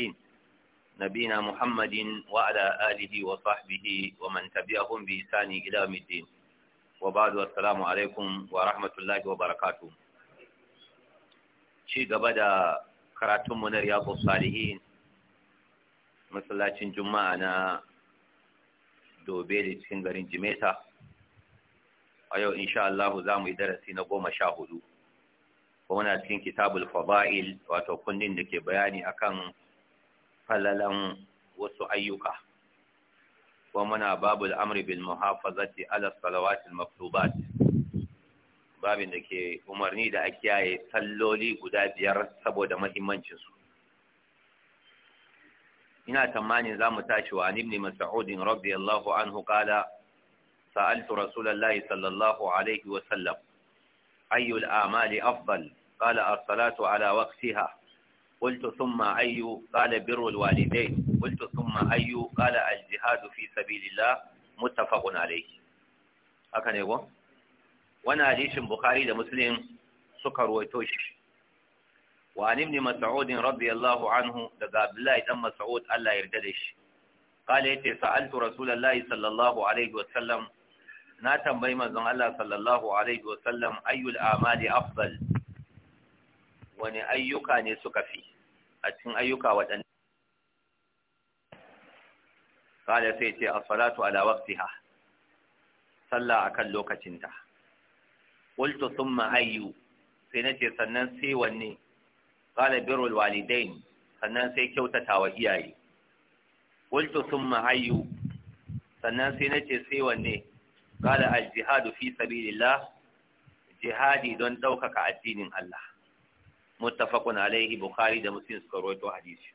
المرسلين نبينا محمد وعلى آله وصحبه ومن تبعهم بإحسان إلى يوم الدين وبعد والسلام عليكم ورحمة الله وبركاته شيء قبل karatun mu na Riyadu Salihin masallacin Juma'a na Dobe da cikin garin Jimeta a yau insha za mu yi darasi na goma sha hudu kuma na cikin kitabul fada'il wato kunnen da ke bayani akan falalan wasu ayyuka Kuma muna babu al'amri bil muhafazati ala salawatil maktubat babin da ke umarni da a kiyaye salloli guda biyar saboda mahimmancinsu ina tamanin za mu tashi wa ibn mas'udin radiyallahu anhu qala sa'altu rasulullahi sallallahu alaihi wa sallam ayyul a'mali afdal qala as-salatu ala waqtiha قلت ثم أي قال بر الوالدين قلت ثم أي قال الجهاد في سبيل الله متفق عليه haka ne ko wani hadisin bukhari da muslim suka ruwaito shi wa an ibn mas'ud radiyallahu anhu daga abdullahi dan mas'ud Allah yarda da shi qala yace sa'altu rasulullahi sallallahu alaihi wa sallam na tambayi manzon Allah sallallahu alaihi wa sallam ayyul a'mali afdal wani ayyuka ne suka fi a cikin ayyuka waɗanda kada sai ce as-salatu ala waqtiha sallah akan lokacinta qultu thumma ayyu sai nace sannan sai wanne qala birrul walidain sannan sai kyautata wa iyaye qultu thumma ayyu sannan sai nace sai wanne qala al-jihadu fi sabilillah jihadi don ɗaukaka addinin Allah muttafaqun alaihi bukhari da muslim suka rawaito hadisi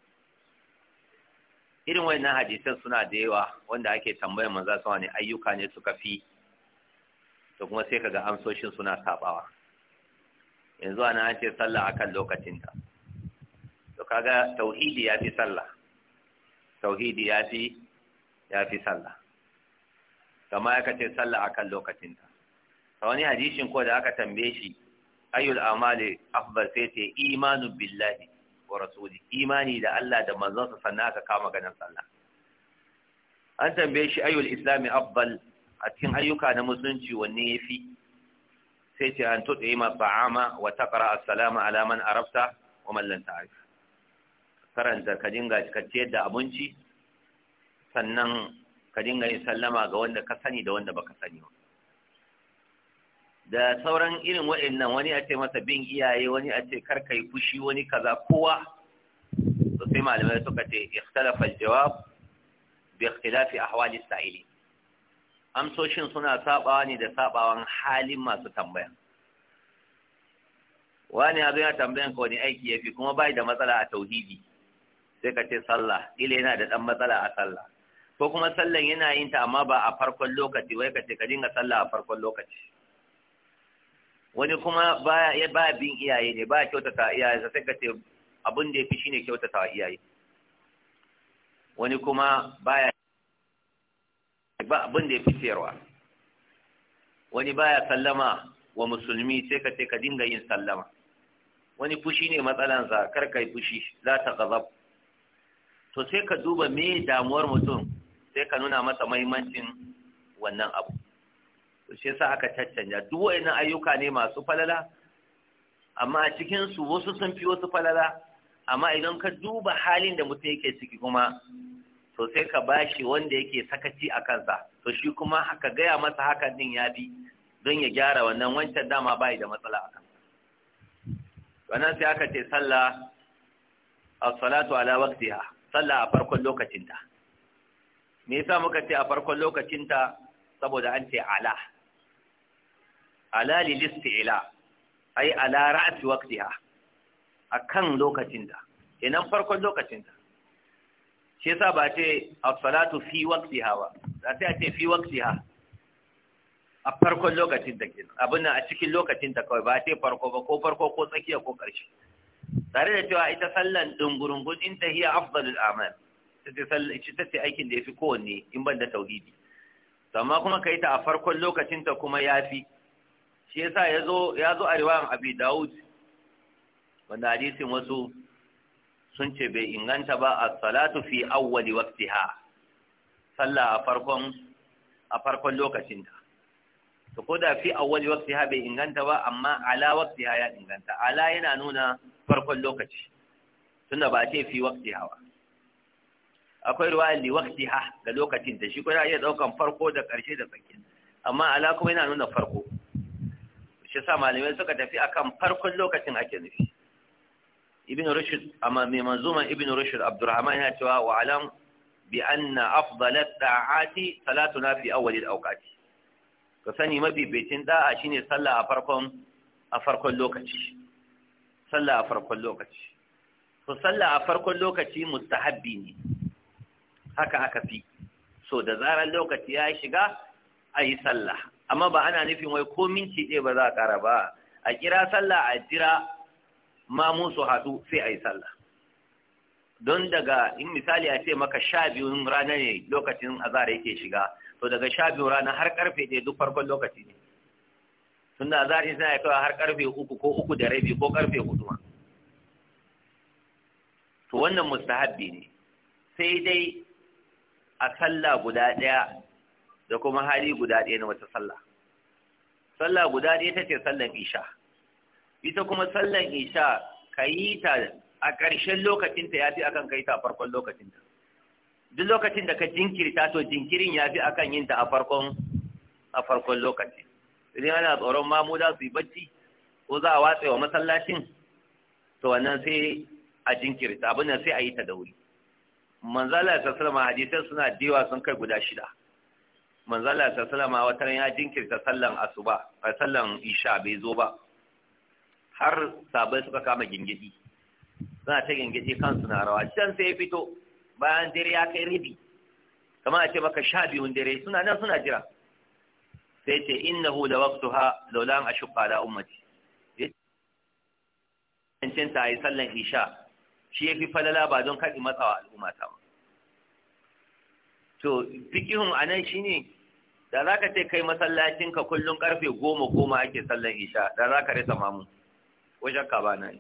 irin wannan hadisan suna da yawa wanda ake tambayar manzo sama ne ayyuka ne suka fi to kuma sai kaga amsoshin suna sabawa yanzu ana ce sallah akan lokacinta to kaga tauhidi ya fi sallah tauhidi ya fi ya fi sallah kama ya kace sallah akan lokacinta ta wani hadishin ko da aka tambaye shi ayyul amali afdal sai ce imanu billahi wa rasuli imani da Allah da manzonsa sannan aka kama ganin sallah an tambaye shi ayyul islami afdal a cikin ayyuka na musulunci wanne yafi sai ce an tuɗe ma ta'ama wa taqra assalamu ala man arafta wa man lam ta'rif karanta ka dinga ka da abinci sannan ka dinga yin sallama ga wanda ka sani da wanda baka sani ba da sauran irin waɗannan wani a ce masa bin iyaye wani a ce karka yi fushi wani kaza kowa to sai malamai suka ce ikhtalafa jawab bi ikhtilafi ahwali sa'ili amsoshin suna sabawa ne da sabawan halin masu tambaya wani ya zo ya tambayan ka wani aiki yafi kuma bai da matsala a tauhidi sai ka ce sallah ile yana da dan matsala a sallah ko kuma sallan yana yin ta amma ba a farkon lokaci wai ka ce ka dinga sallah a farkon lokaci wani kuma baya ba bin iyaye ne ba kyautata iyaye sai ka ce abin da yafi shine kyautata iyaye wani kuma baya ba abin da yafi tsayarwa wani baya sallama wa musulmi sai ka ce ka dinga yin sallama wani fushi ne matsalansa kar kai fushi za ta gazab to sai ka duba me damuwar mutum sai ka nuna masa mahimmancin wannan abu shi yasa aka caccanja duk wayannan ayyuka ne masu falala amma a cikin su wasu sun fi wasu falala amma idan ka duba halin da mutum yake ciki kuma to sai ka bashi wanda yake sakaci a kansa to shi kuma haka gaya masa haka din ya bi don ya gyara wannan wancan dama bai da matsala a kansa wannan sai aka ce sallah as-salatu ala waqtiha sallah a farkon lokacinta me yasa muka ce a farkon lokacinta saboda an ce ala alali listi ila ai ala ra'si waqtiha akan lokacin da kenan farkon lokacin da shi yasa ba ce as-salatu fi waqtiha ba za ta ce fi waqtiha a farkon lokacin da kenan abin a cikin lokacin da kawai ba ce farko ba ko farko ko tsakiya ko ƙarshe tare da cewa ita sallan dungurungun in ta hiya afdalul amal ita ce aikin da ya fi kowanne in ban da tauhidi amma kuma ka yi ta a farkon lokacinta kuma ya fi shi yasa ya zo ya zo a riwayan abi daud wanda hadisin wasu sun ce bai inganta ba a salatu fi awwali waqtiha sallah a farkon a farkon lokacinta to ko da fi awwali waqtiha bai inganta ba amma ala waqtiha ya inganta ala yana nuna farkon lokaci tunda ba ce fi waqtiha ba akwai ruwaya li waqtiha ga lokacin ta shi ko ya iya daukan farko da karshe da tsakin amma ala kuma yana nuna farko shi sa malamai suka tafi akan farkon lokacin ake nufi ibn rushd amma mai manzuman ibn rushd abdurrahman yana cewa wa alam bi anna afdala Salatu na fi awwal al-awqat ka sani mabibitin da'a shine sallah a farkon a farkon lokaci sallah a farkon lokaci to sallah a farkon lokaci mustahabbi ne haka aka fi so da zarar lokaci ya shiga ayi sallah amma ba ana nufin wai ko minti ɗaya ba za a ƙara ba a kira sallah a jira mun su haɗu sai a yi sallah don daga in misali a ce maka sha biyun rana ne lokacin azara yake shiga to daga sha biyu rana har karfe ɗaya duk farkon lokaci ne tun da azara suna ya kawai har karfe uku ko uku da rabi ko karfe hudu ma to wannan mustahabbi ne sai dai a sallah guda ɗaya da kuma hali guda ɗaya na wata sallah sallah guda ɗaya ta ce sallan isha ita kuma sallan isha ka yi ta a ƙarshen lokacinta ya fi akan kai ta a farkon lokacinta duk lokacin da ka jinkirta to jinkirin ya fi akan yin ta a farkon a farkon lokaci idan ana tsoron mamu za su yi bacci ko za a watse wa masallacin to wannan sai a jinkirta abin nan sai a yi ta da wuri manzala ta sallama hadisai suna da sun kai guda shida manzala ta salama wata ya jinkirta sallan asuba a sallan isha bai zo ba har sabai suka kama gingidi suna ta gingidi kansu na rawa can sai ya fito bayan dare ya kai ribi kamar a ce maka sha biyun dare suna nan suna jira sai ce innahu da ha laula an shuka ala ummati yancin ta yi sallan isha shi ya fi falala ba don kaɗi matsawa al'umma ta ba to fikihun anan ne? da za ka ce kai masallacinka kullum karfe goma goma ake sallan isha da za ka rasa mamu ko ka ba na yi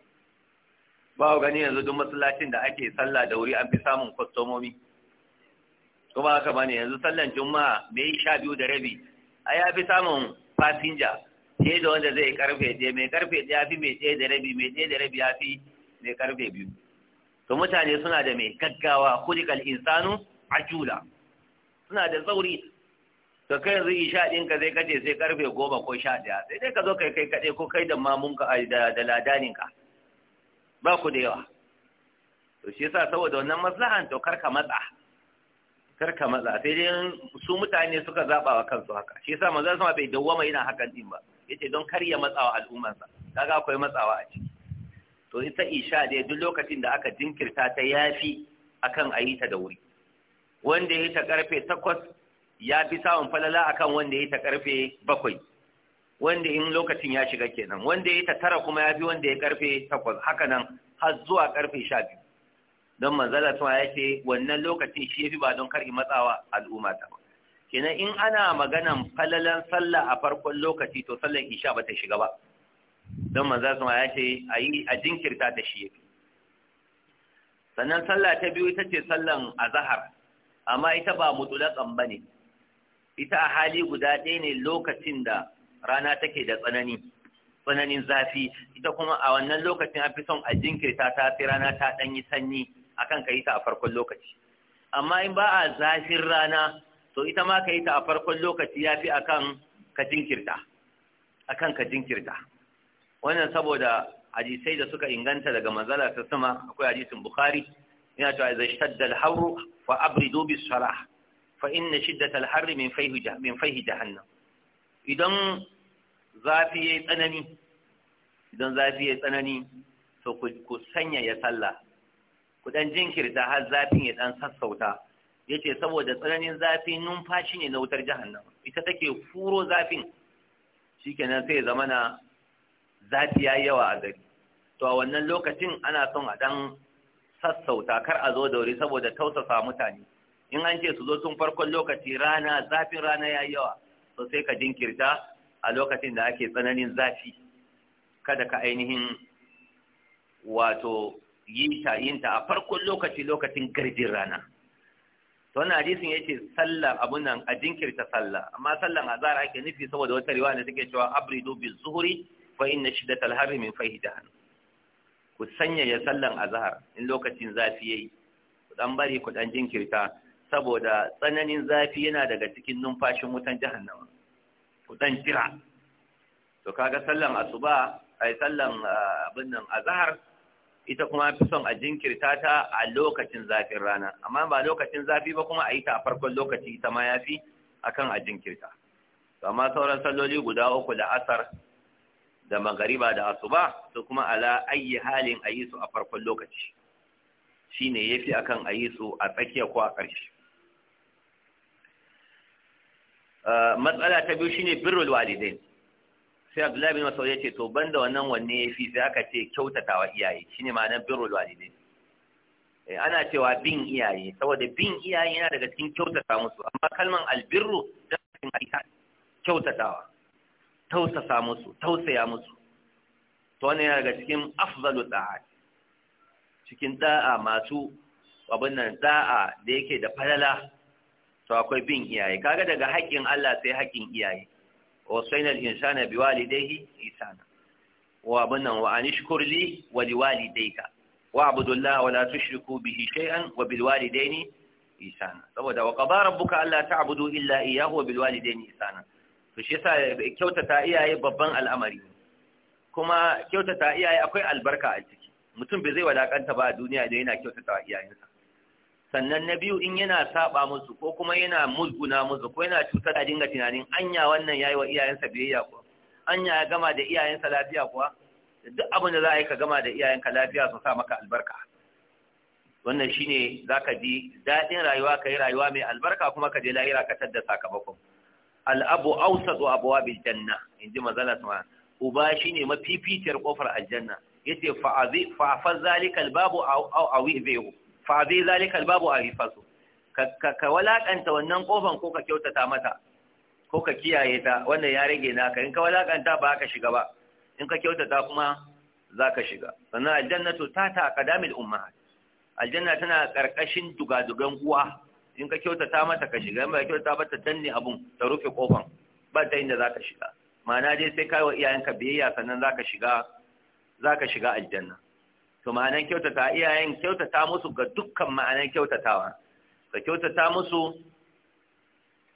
ba gani yanzu duk masallacin da ake sallah da wuri an fi samun kwastomomi kuma haka ba ne yanzu sallan juma'a mai sha biyu da rabi a ya fi samun fasinja fiye da wanda zai karfe ɗaya mai karfe ɗaya fi mai ɗaya da rabi mai ɗaya da rabi ya fi mai karfe biyu to mutane suna da mai gaggawa kulikal insanu ajula suna da zauri ka kai yanzu isha ka zai kace sai karfe goma ko sha sai dai ka zo kai kai kaɗai ko kai da mamunka da ka ba ku da yawa to shi yasa saboda wannan maslahan to karka matsa karka matsa sai dai su mutane suka zaba wa kansu haka shi yasa manzon sama bai dawwama yana hakan din ba yace don kar ya matsawa sa kaga akwai matsawa a ciki to ita isha dai duk lokacin da aka jinkirta ta yafi akan ayi ta da wuri wanda ya ta karfe takwas ya fi samun falala akan wanda ya ta karfe bakwai wanda in lokacin ya shiga kenan wanda ya ta tara kuma ya fi wanda ya karfe takwas haka nan har zuwa karfe sha biyu don manzala tuwa ya ce wannan lokacin shi ya fi ba don kar matsawa al'umma ta ba kenan in ana maganan falalan sallah a farkon lokaci to sallar isha ba ta shiga ba don manzala tuwa ya ce a yi a jinkirta ta shi ya fi sannan sallah ta biyu ita ce sallan azahar amma ita ba mutulakan ba ne ita a hali guda ɗaya ne lokacin da rana take da tsanani tsananin zafi ita kuma a wannan lokacin an fi son a jinkirta ta sai rana ta ɗan yi sanyi a kan ka yi ta a farkon lokaci amma in ba a zafin rana to ita ma ka yi ta a farkon lokaci ya fi akan ka jinkirta akan ka jinkirta wannan saboda hadisai da suka inganta daga manzala ta sama akwai hadisin bukhari yana cewa idza ishtadda al hawru fa abridu bis-salah fa inna shiddatal harri min fayhi min idan zafi yayi tsanani idan zafi tsanani to ku sanya ya sallah ku ɗan jinkirta har zafin ya dan sassauta yace saboda tsananin zafi numfashi ne na wutar jahannama ita take furo zafin shikenan sai zama na zafi ya yawa a gari to a wannan lokacin ana son a dan sassauta kar a zo da wuri saboda tausasa mutane in an ce su zo tun farkon lokaci rana zafin rana ya yawa to sai ka jinkirta a lokacin da ake tsananin zafi kada ka ainihin wato yinta yinta a farkon lokaci lokacin garjin rana to wannan hadisin yace sallah abun nan a jinkirta sallah amma sallan azhar ake nufi saboda wata riwaya da take cewa abridu bi zuhri fa inna shiddatal harri min fahi ku ku sanyaya sallan azhar in lokacin zafi yayi ku dan bari ku dan jinkirta saboda tsananin zafi yana daga cikin numfashin wutan jahannama wutan jira to kaga sallan asuba ai sallan ah, abin nan azhar ita kuma fi son a jinkirta ta a lokacin zafin rana amma ba lokacin zafi ba kuma a yi ta a farkon lokaci ita ma yafi akan a jinkirta amma sauran salloli guda uku da asar da magariba da asuba su kuma ala ayi halin a yi su a farkon lokaci shine yafi akan a yi su a tsakiya ko a ƙarshe matsala ta biyu shine birrul walidain sai abdullahi bin mas'ud ya ce to banda wannan wanne yafi sai aka ce kyautatawa iyaye shine ma'anar birrul walidain eh, ana cewa bin iyaye saboda bin iyaye yana daga cikin kyautata musu amma kalman albirru da cikin aika kyautatawa tausasa musu tausaya musu to wannan yana daga cikin afdalu ta'at cikin da'a masu abin nan da'a da yake da falala to akwai bin iyaye kaga daga haƙƙin Allah sai haƙƙin iyaye wa sainal insana biwalidayhi ihsana wa abunan wa anishkur li wa liwalidayka wa abudullaha wa la tushriku bihi shay'an wa bilwalidayni ihsana saboda wa qadara rabbuka alla ta'budu illa iyyahu wa bilwalidayni ihsana to shi yasa kyautata iyaye babban al'amari kuma kyautata iyaye akwai albarka a ciki mutum bai zai wadakanta ba a duniya da yana kyautata iyayensa sannan na biyu in yana saba musu ko kuma yana musguna musu ko yana cutar da dinga tunanin anya wannan yayi wa iyayensa biyayya ko anya ya gama da iyayensa lafiya kuwa duk abin da za a yi ka gama da iyayenka lafiya su sa maka albarka wannan shine ka ji daɗin rayuwa ka yi rayuwa mai albarka kuma ka je lahira ka tadda sakamakon al'abu ausatu bil janna in ji manzala sama uba shine mafificiyar kofar aljanna yace fa azi fa fa zalikal babu aw awi bihi fa zai zalika babu arifasu ka walakanta wannan kofan ko ka kyautata mata ko ka kiyaye ta wannan ya rage naka in ka walakanta ba ka shiga ba in ka kyautata kuma za ka shiga sannan aljannatu ta ta qadamil ummahat aljanna tana karkashin dugadugan uwa in ka kyautata mata ka shiga in ba kyautata ba ta danne abun ta rufe kofan ba ta inda za ka shiga ma'ana dai sai kai wa iyayenka biyayya sannan za ka shiga za ka shiga aljanna to ma'anan kyautata iyayen kyautata musu ga dukkan ma'anan kyautatawa ka kyautata musu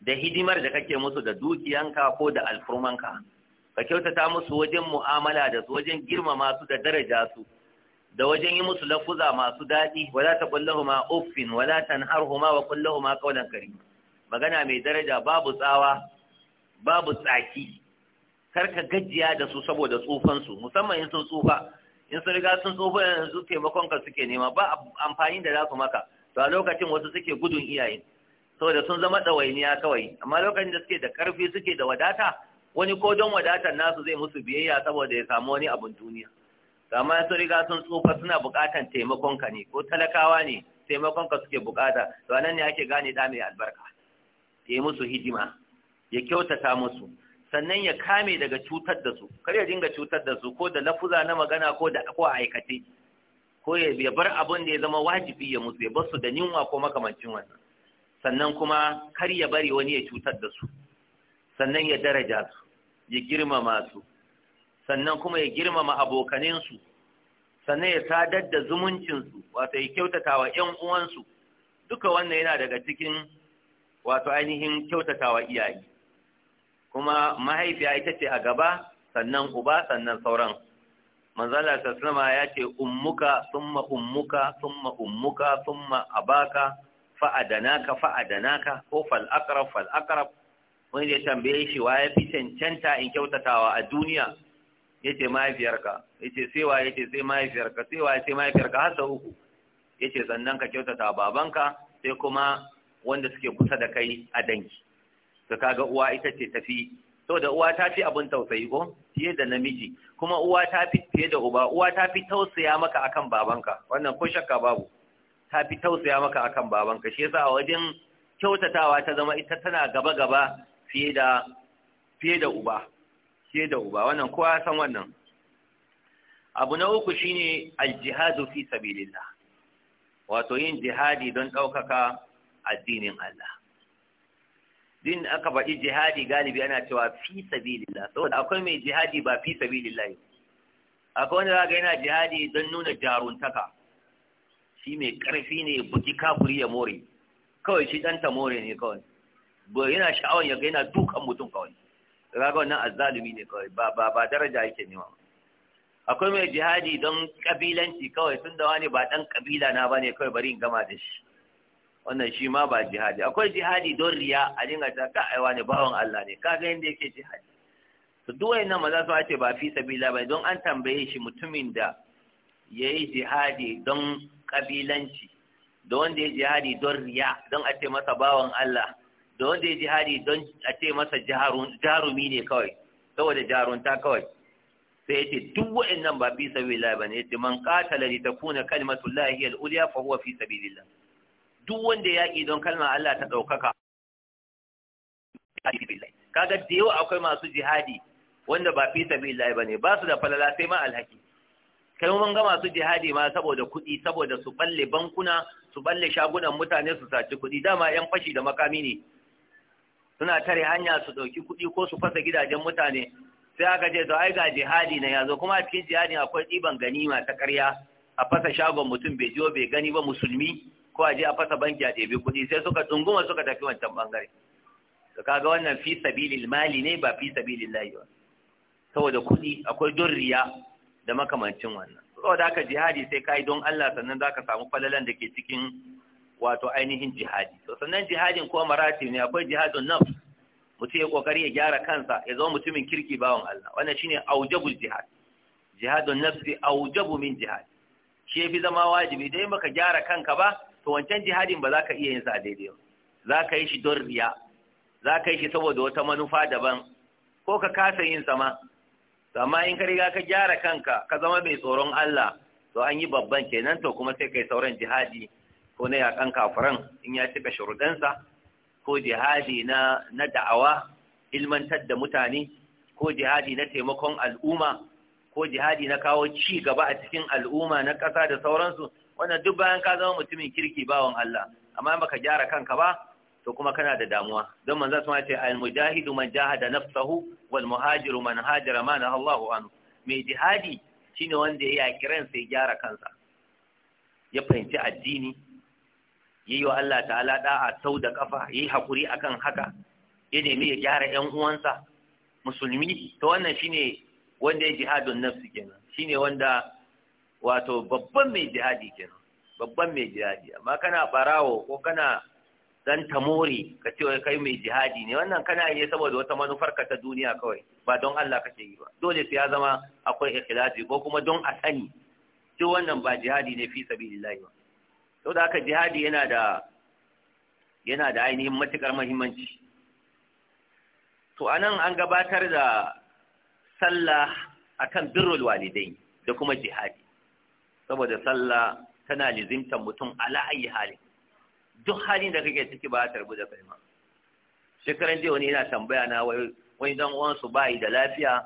da hidimar da kake musu da dukiyanka ko da alfurmanka ka kyautata musu wajen mu'amala da su wajen girmama su da daraja su da wajen yi musu lafuza masu daɗi wala ta kullahuma uffin wala tanharhuma wa kullahuma qawlan karim magana mai daraja babu tsawa babu tsaki kar ka gajiya da su saboda tsufansu musamman in sun tsufa in sun riga sun tsofa yanzu taimakon ka suke nema ba amfani da za su maka to a lokacin wasu suke gudun iyaye saboda sun zama ɗawainiya kawai amma lokacin da suke da ƙarfi suke da wadata wani ko don wadatar nasu zai musu biyayya saboda ya samu wani abun duniya amma sun riga sun tsufa suna buƙatan taimakon ka ne ko talakawa ne taimakon ka suke buƙata to nan ne ake gane da mai albarka ya yi musu hidima ya kyautata musu sannan ya kame daga cutar da su kar ya dinga cutar da su ko da lafuza na magana ko da ko aikace ko ya bar abin da ya zama wajibi ya musu ya basu da ninwa ko makamancin wannan sannan kuma kar ya bari wani ya cutar da su sannan ya daraja su ya girmama su sannan kuma ya girmama abokaninsu sannan ya sadar da zumuncinsu wato ya kyautata wa ‘yan uwansu duka wannan yana daga cikin wato ainihin kyautata wa iyaye kuma mahaifiya ita ce a gaba sannan uba sannan sauran manzala sallama ya ce ummuka summa ummuka summa ummuka summa abaka fa'adana ka, ko fal aqrab fal aqrab wani ya tambaye shi wa ya fi cancanta in kyautatawa a duniya yace mahaifiyarka yace sai wa yace sai mahaifiyarka sai wa ce mahaifiyarka har sau uku yace sannan ka kyautata babanka sai kuma wanda suke kusa da kai a danki to kaga uwa ita ce tafi saboda uwa ta fi abin tausayi ko fiye da namiji kuma uwa ta fi fiye da uba uwa ta fi tausaya maka akan babanka wannan ko shakka babu ta fi tausaya maka akan babanka shi yasa a wajen kyautatawa ta zama ita tana gaba gaba fiye da fiye da uba fiye da uba wannan kowa san wannan abu na uku shine aljihadu fi sabilillah wato yin jihadi don ɗaukaka addinin Allah din aka faɗi jihadi galibi ana cewa fi sabilillah saboda akwai mai jihadi ba fi sabilillah akwai wanda zaka yana jihadi don nuna jaruntaka shi mai karfi ne buki kafuri ya more kawai shi dan ta more ne kawai ba yana sha'awar ya ga yana dukan mutum kawai kaga wannan azzalumi ne kawai ba ba ba daraja yake nema akwai mai jihadi don kabilanci kawai tun da wani ba dan kabila na bane kawai bari in gama da shi wannan shi ma ba jihadi akwai jihadi don riya a dinga ta ka aiwa ne bawan Allah ne kaga yanda yake jihadi to duk wayannan maza su ce ba fi sabila ba don an tambaye shi mutumin da yayi jihadi don kabilanci da wanda ya jihadi don riya don a ce masa bawan Allah da wanda ya jihadi don a ce masa jarumi ne kawai saboda jarunta kawai sai yace duk wayannan ba fi sabila bane yace man qatala li takuna kalimatu llahi al-ulya fa huwa fi sabilillah duk wanda yaƙi don kalma Allah ta ɗaukaka kaga da yawa akwai masu jihadi wanda ba fi ba ne ba su da falala sai ma alhaki kai mun ga masu jihadi ma saboda kuɗi saboda su balle bankuna su balle shagunan mutane su saci kuɗi dama yan fashi da makami ne suna tare hanya su ɗauki kuɗi ko su fasa gidajen mutane sai aka ce to ai ga jihadi na yazo kuma a cikin jihadi akwai ɗiban ganima ta ƙarya a fasa shagon mutum bai jiyo bai gani ba musulmi ko a je a fasa banki a ɗebi kuɗi sai suka tsunguma suka tafi wancan ɓangare. Ka kaga wannan fi sabilil mali ne ba fi sabilil lahi ba saboda kuɗi akwai durriya da makamancin wannan saboda haka jihadi sai kai don Allah sannan zaka samu falalan da ke cikin wato ainihin jihadi to sannan jihadin ko marati ne akwai jihadun nafs mutum ya kokari ya gyara kansa ya zama mutumin kirki bawan Allah wannan shine aujabul jihad jihadun nafsi aujabu min jihad shi yafi zama wajibi dai baka gyara kanka ba to wancan jihadin ba za ka iya yin sa a daidai ba za ka yi shi don riya za ka yi shi saboda wata manufa daban ko ka kasa yin sama amma in ka riga ka gyara kanka ka zama mai tsoron Allah to an yi babban kenan to kuma sai kai sauran jihadi ko na yakan kafiran in ya cika shurudansa ko jihadi na na da'awa ilmantar da mutane ko jihadi na taimakon al'umma ko jihadi na kawo ci gaba a cikin al'umma na ƙasa da sauransu wannan duk bayan ka zama mutumin kirki bawan Allah amma in baka gyara kanka ba to kuma kana da damuwa don manzo sun ce al mujahidu man jahada nafsahu wal muhajiru man hajara ma Allahu anhu mai jihadi shine wanda ya yaki ransa ya gyara kansa ya fahimci addini yayi wa Allah ta'ala da'a sau da kafa yayi hakuri akan haka ya nemi ya gyara ƴan uwansa musulmi to wannan shine wanda ya jihadun nafsi kenan shine wanda wato babban mai jihadi kenan babban mai jihadi amma kana barawo ko kana dan tamori ka ce kai mai jihadi ne wannan kana yi saboda wata manufar ka ta duniya kawai ba don Allah kake yi ba dole sai ya zama akwai ikhlasi ko kuma don a sani shi wannan ba jihadi ne fi sabilillahi ba to da haka jihadi yana da yana da ainihin matukar muhimmanci to anan an gabatar da sallah akan birrul walidai da kuma jihadi saboda sallah tana lizimtar mutum ala ayi hali duk halin da kake ciki ba ta rubuta kai ma shekaran jiya wani yana tambaya na wai wani dan uwansu bayi da lafiya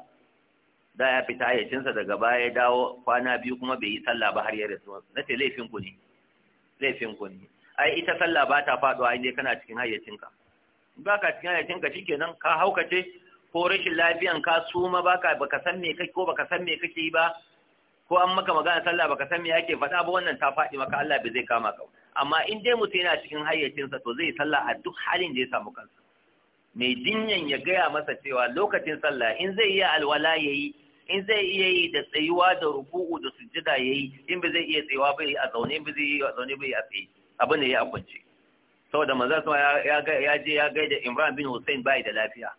da ya fita hayyacinsa daga baya ya dawo kwana biyu kuma bai yi sallah ba har ya rasu na ce laifin ku ne laifin ku ne ai ita sallah ba ta faɗuwa inda kana cikin hayyacinka ba ka cikin hayyacinka shikenan ka haukace ko rashin lafiyan ka suma baka baka san me kake ko baka san me kake yi ba ko an maka magana sallah baka san me ake faɗa ba wannan ta faɗi maka Allah bai zai kama ka amma in dai mutum yana cikin sa to zai sallah a duk halin da ya samu kansa mai jinyan ya gaya masa cewa lokacin sallah in zai iya alwala yayi in zai iya yi da tsayuwa da ruku'u da sujjada yayi in ba zai iya tsayuwa ba a zaune ba zai yi a zaune ba a tsaye abin da ya a kwance saboda manzo sama ya ya je ya gaida Imran bin Hussein bai da lafiya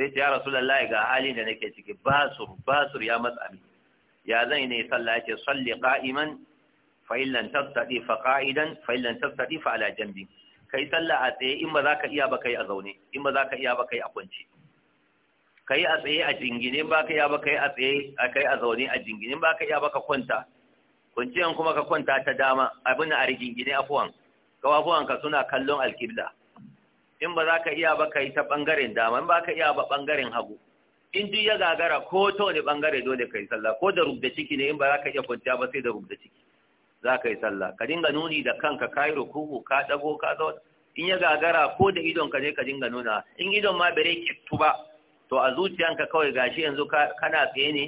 sai ce ya Rasulullahi ga halin da nake ciki basur basur ya matsa mini ya zan yi ne sallah ce salli ƙa’iman fa’ilan tattaɗi fa ƙa’idan fa tattaɗi fa ala ka yi sallah a tsaye in ba za ka iya ba ka yi a zaune in ba za ka iya ba ka yi a Ka yi a tsaye a jingine ba ka iya ba ka yi a tsaye a kai a zaune a jingine ba ka iya ba ka kwanta kwanciyan kuma ka kwanta ta dama abin a rigingine afuwan ka suna kallon alkibla in ba za ka iya ba ka yi ta ɓangaren dama in ba ka iya ba ɓangaren hagu in duk ya gagara ko ta wani bangare dole ka yi sallah ko da rubda ciki ne in ba za ka iya kwanciya ba sai da rubda ciki za ka yi sallah ka dinga nuni da kanka ka yi rukuku ka dago ka zo in ya gagara ko da idon ka ne ka dinga nuna in idon ma bare kittu ba to a zuciyanka kawai gashi yanzu kana tsaye ne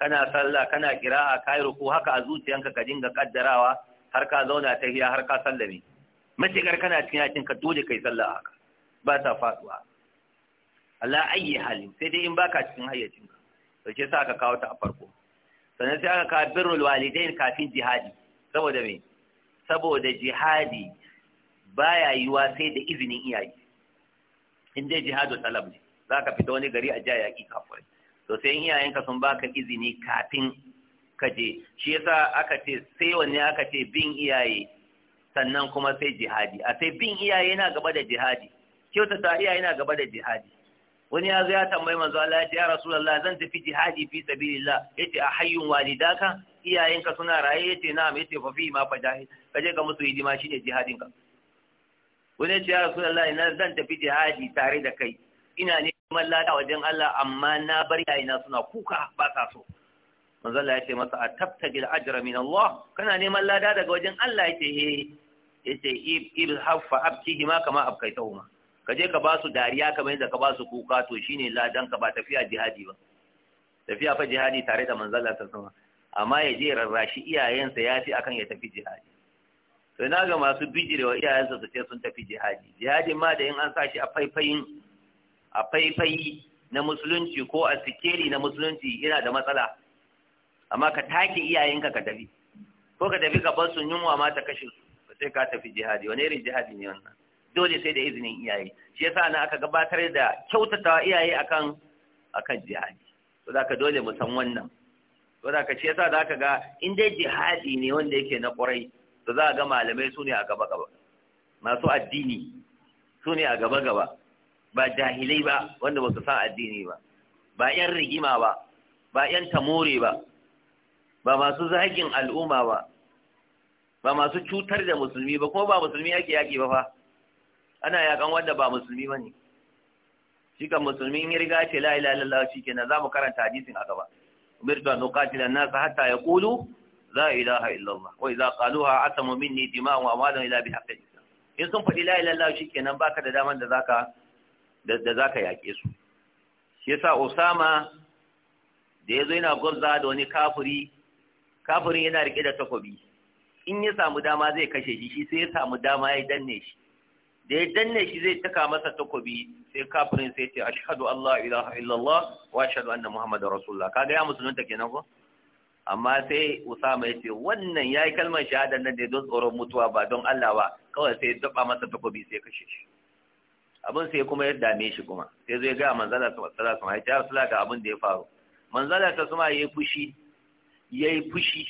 kana sallah kana kira'a ka yi rukuku haka a zuciyanka ka dinga kaddarawa har ka zauna ta hiya har ka sallame matuƙar kana cikin yakin ka dole ka yi sallah haka ba ta faduwa ala ayi halin sai dai in baka cikin hayyacinka to ke sa ka kawo ta a farko sannan sai aka kawo birrul walidain kafin jihadi saboda me saboda jihadi baya yiwa sai da izinin iyaye in dai jihadu talab ne za ka fita wani gari a ja yaƙi kafin. to sai iyayenka sun baka izini kafin ka je shi yasa aka ce sai wanne aka ce bin iyaye sannan kuma sai jihadi a sai bin iyaye yana gaba da jihadi kyautata iyaye yana gaba da jihadi wani ya zo ya tambayi manzo Allah ya ce ya Rasulullah zan tafi jihadi fi sabilillah yace a hayyun walidaka iyayenka suna raye yace na'am yace fa fi ma fajahid kaje ka musu hidima shine jihadin ka wani ya ce ya Rasulullah ina zan tafi jihadi tare da kai ina neman lada wajen Allah amma na bar iyayena suna kuka ba sa so manzo Allah ya ce masa a tabtagil ajra min Allah kana neman lada daga wajen Allah yace he eh. yace ibhaf fa abkihi ma kama abkaitahuma ka je ka ba su dariya kamar yadda ka ba su kuka to shine ladan ka ba tafiya jihadi ba tafiya fa jihadi tare da manzala ta wasallam amma ya je rarrashi iyayensa ya fi akan ya tafi jihadi to na ga masu bijirewa iyayensa su ce sun tafi jihadi jihadi ma da in an sa shi a faifayin a faifayi na musulunci ko a sikeli na musulunci yana da matsala amma ka take iyayenka ka tafi ko ka tafi ka bar su yunwa ma ta kashe su sai ka tafi jihadi wani irin jihadi ne wannan dole sai da izinin iyaye shi yasa na aka gabatar da kyautatawa iyaye akan akan jihadi to zaka dole mu san wannan to zaka shi yasa zaka ga in dai jihadi ne wanda yake na ƙurai to za ga malamai su ne a gaba gaba masu addini su ne a gaba gaba ba jahilai ba wanda ba su san addini ba ba yan rigima ba ba yan tamore ba ba masu zagin al'umma ba ba masu cutar da musulmi ba kuma ba musulmi yake yaki ba fa ana yakan wanda ba musulmi ba ne shi kan musulmi in ya riga ce la ilaha illallah shi kenan za mu karanta hadisin a gaba umirtu an uqatila an-nas hatta yaqulu la ilaha illallah wa idza qaluha atamu minni dima'u wa amwaluhum ila bihaqqi in sun faɗi la ilaha illallah shi kenan baka da daman da zaka da zaka yake su shi yasa Usama da yazo yana gwabza da wani kafiri kafirin yana rike da takobi in ya samu dama zai kashe shi shi sai ya samu dama ya danne shi da ya danne shi zai taka masa takobi sai kafirin sai ce ashhadu Allah ilaha illallah wa ashhadu anna muhammadar rasulullah kaga ya musulunta kenan ko amma sai Usama ya ce wannan ya yi kalmar shahada nan ya don tsoron mutuwa ba don Allah ba kawai sai daba masa takobi sai kashe shi abin sai kuma ya dame shi kuma sai zai ga manzala sallallahu alaihi wasallam ya rasula ga abin da ya faru manzala ta suma yayi fushi yayi fushi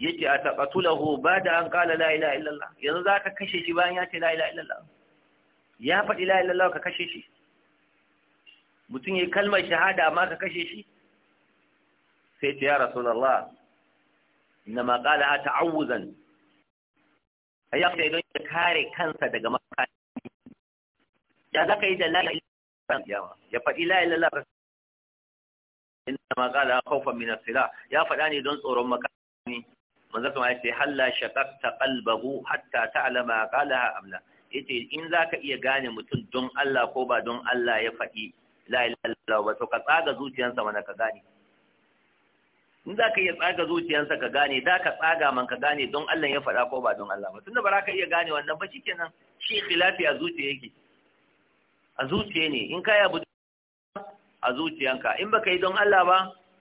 yace ataqatulahu bada an qala la ilaha illallah yanzu za ka kashe shi bayan ya ce la ilaha illallah ya faɗi la ilaha ka kashe shi mutum yayi kalmar shahada amma ka kashe shi sai ce ya rasulullah inna ma qala ha ta'awuzan ayya sai don ya kare kansa daga makani ya za ka yi da la ilaha ya faɗi la ilaha ka inna ma qala khawfan min as-silah ya faɗa ne don tsoron makani manzo kuma ya ce halla shaqaqta qalbahu hatta ta'lama qalaha am la yace in zaka iya gane mutum don Allah ko ba don Allah ya faɗi la ilaha illallah ba to ka tsaga zuciyarsa mana ka gane in zaka iya tsaga zuciyarsa ka gane da ka tsaga man ka gane don Allah ya faɗa ko ba don Allah ba tunda ba za ka iya gane wannan ba nan, shi filafi a zuciya yake a zuciya ne in ka yabu a zuciyanka in baka yi don Allah ba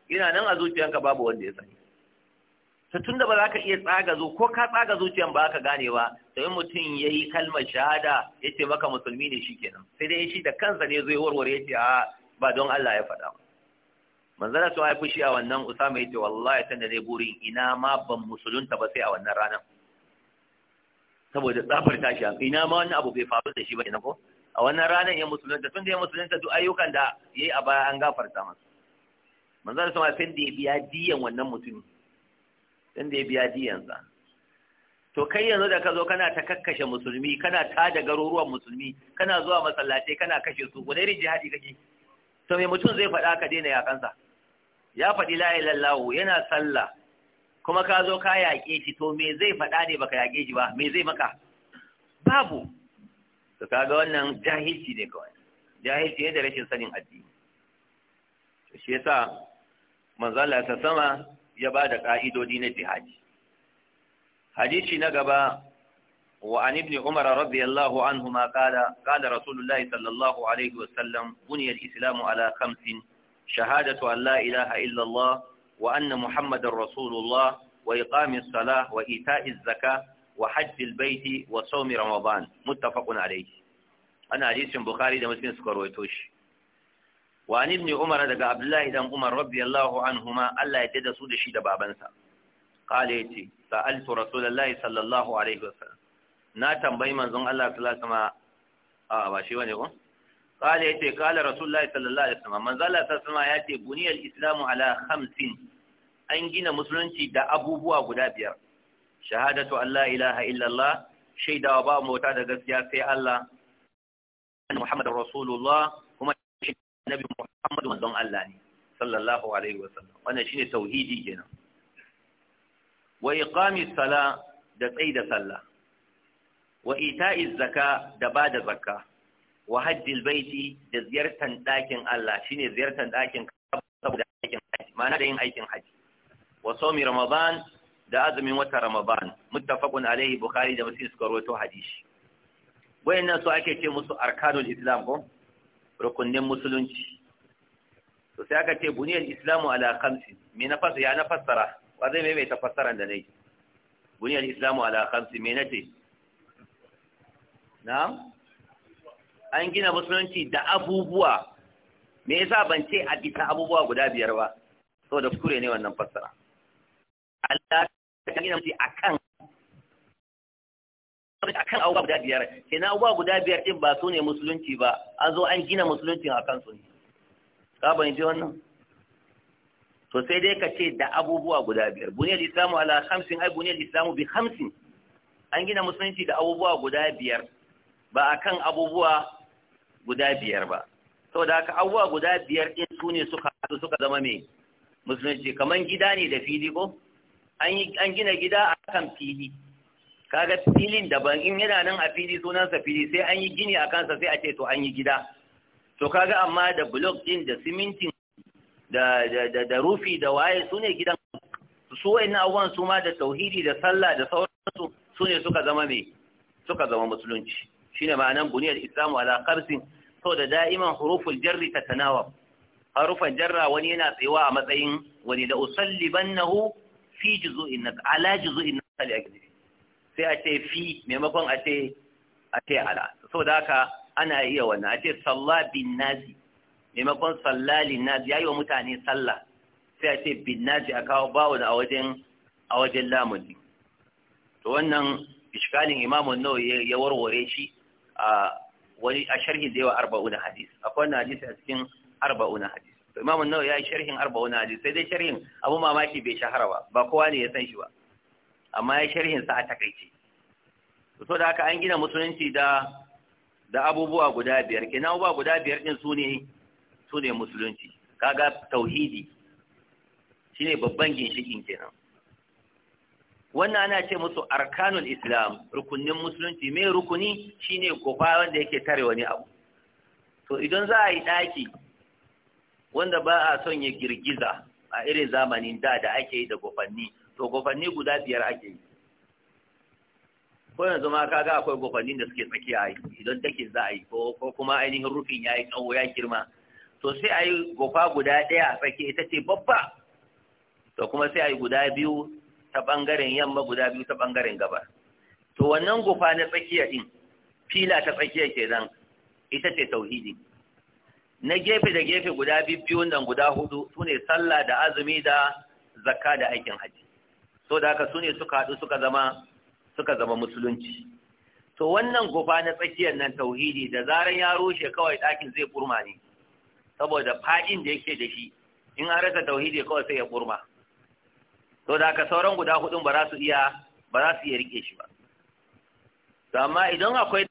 yana nan a zuciyanka babu wanda ya sani ta tunda ba za ka iya tsaga zo ko ka tsaga zuciyan ba ka gane ba sai mutum ya yi kalmar shahada ya ce maka musulmi ne shi kenan sai dai shi da kansa ne zai warware ya ce a ba don Allah ya faɗa manzara su haifi shi a wannan usama ya ce wallahi tanda zai buri ina ma ban musulunta ba sai a wannan ranar saboda tsafar tashi ina ma wani abu bai faru da shi ba kenan ko a wannan ranar ya musulunta tun da ya musulunta duk ayyukan da ya yi a baya an gafarta masa manzara su haifi da ya biya diyan wannan mutumin da ya biya diyansa to kai yanzu da ka zo kana ta kakkashe musulmi kana ta da garuruwan musulmi kana zuwa masallatai kana kashe su wani irin jihadi kake to me mutum zai faɗa ka daina yakansa ya faɗi la ilaha yana sallah kuma ka zo ka yaƙe shi to me zai faɗa ne baka yaƙe shi ba me zai maka babu to kaga wannan jahilci ne kawai jahilci ne da rashin sanin addini shi yasa manzo Allah ta sama ya ba da ƙa’idodi na jihadi. Hadisi na gaba wa an ibn Umar radiyallahu anhu ma kala, kala Rasulullahi buniyar Islamu ala kamsin shahadatu an la ilaha illallah wa anna Muhammadan Rasulullah wa iqamin salah wa ita’iz zaka wa hajjil baiti wa saumi Ramadan, muttafaƙun alaihi. Ana hadisin Bukhari da Muslim suka rawaito shi. wa ibn umar daga abdullahi dan umar radiyallahu anhuma Allah ya da su da shi da babansa qala yace sa'altu rasulullahi sallallahu alaihi wasallam na tambayi manzon Allah sallallahu alaihi wasallam a ba shi bane ko qala yace qala rasulullahi sallallahu alaihi wasallam manzon Allah sallallahu alaihi wasallam ce, buniyal islamu ala khamsin an gina musulunci da abubuwa guda biyar shahadatu alla ilaha illallah shaidawa ba mota da gaskiya sai Allah Muhammadur Rasulullah annabi Muhammadu manzon Allah ne sallallahu alaihi wa sallam. wannan shine tauhidi kenan wa iqami sala da tsaida sallah wa ita'i zakka da bada zakka wa hajjil baiti da ziyartan dakin Allah shine ziyartan dakin saboda aikin haji ma'ana da yin aikin haji wa sawmi ramadan da azumin wata ramadan muttafaqun alaihi bukhari da muslim suka rawaito hadisi wayannan su ake ce musu arkanul islam ko rukunin musulunci to sai aka ce buniyar islamu ala khamsin me na fasara ya na fassara ba zai ta fasara da nai buniyar islamu ala khamsin me na ce Na? an gina musulunci da abubuwa me yasa ban ce a bisa abubuwa guda biyar ba saboda kure ne wannan fassara Allah ya gina musulunci akan shi akan abubuwa guda biyar kenan abubuwa guda biyar din ba su ne musulunci ba an zo an gina musulunci a kansu ne ka bayyance wannan to sai dai ka ce da abubuwa guda biyar buniyar islamu ala hamsin ai buniyar islamu bi hamsin an gina musulunci da abubuwa guda biyar ba a kan abubuwa guda biyar ba saboda haka abubuwa guda biyar din su ne suka suka zama mai musulunci kamar gida ne da fili ko an gina gida a kan fili kaga filin daban in yana nan a fili sunansa fili sai an yi gini a kansa sai a ce to an yi gida to kaga amma da block din da simintin da da da rufi da waye su ne gidan su wayan abubuwan su ma da tauhidi da sallah da sauransu su ne suka zama me suka zama musulunci shine ma'anan buniyar islamu ala qarsin to da da'iman huruful jarri tatanawab harufan jarra wani yana tsayawa a matsayin wani da usallibannahu fi juzu'in nas ala juzu'in nas al sai a ce fi maimakon a ce a ce ala da haka ana iya wannan a ce salla bin nazi maimakon salla lin nazi yi wa mutane sallah sai a ce bin nazi a kawo bawo a wajen a wajen lamuni to wannan iskalin imamun nau ya warware shi a wani a sharhi da yawa arba'una hadis akwai wannan hadis a cikin arba'una hadis to imamu nawawi ya yi sharhin arba'una hadis sai dai sharhin abu mamaki bai shahara ba ba kowa ne ya san shi ba amma ya sharhin sa a takaice to da haka an gina musulunci da da abubuwa guda biyar kenan abubuwa guda biyar din su ne su ne musulunci kaga tauhidi shine babban ginshikin kenan wannan ana ce musu arkanul islam rukunin musulunci mai rukuni shine gofa wanda yake tare wani abu to idan za a yi daki wanda ba a son ya girgiza a irin zamanin da da ake yi da gofanni to gofanni guda biyar ake yi ko yanzu ma kaga akwai gofannin da suke tsakiya yi idan take za a yi ko kuma ainihin rufin ya yi tsawo ya girma to sai a yi gofa guda ɗaya a tsakiya ita ce babba to kuma sai a yi guda biyu ta ɓangaren yamma guda biyu ta ɓangaren gaba to wannan gofa na tsakiya ɗin fila ta tsakiya ke nan ita ce tauhidi na gefe da gefe guda biyu nan guda hudu su ne sallah da azumi da zakka da aikin hajji so da haka sune suka haɗu suka zama suka zama musulunci to wannan gufa na tsakiyar nan tauhidi da zaran ya rushe kawai ɗakin zai kurma ne saboda faɗin da yake da shi in an rasa tauhidi kawai sai ya kurma to da haka sauran guda hudun ba za su iya ba za su iya rike shi ba to amma idan akwai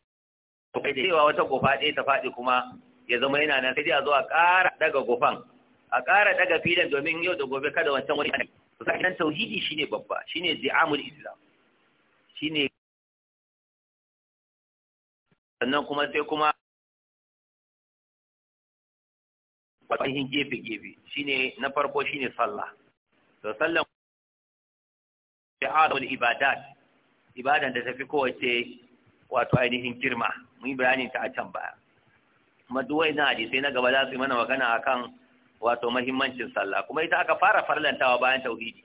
akwai da cewa wata gufa ɗaya ta faɗi kuma ya zama yana nan sai dai a zo a ƙara daga gufan a ƙara daga filin domin yau da gobe kada wancan wani kusa Tauhidi tauhidi shine babba shine zi'amul islam shine sannan kuma sai kuma ainihin gefe-gefe shine na farko shine sallah to sallan fi'alul ibadat ibadan da tafi kowace wato ainihin girma mun yi ta a can baya kuma duk wani hadisai na gaba za su yi mana magana akan wato mahimmancin sallah kuma ita aka fara farlantawa bayan tauhidi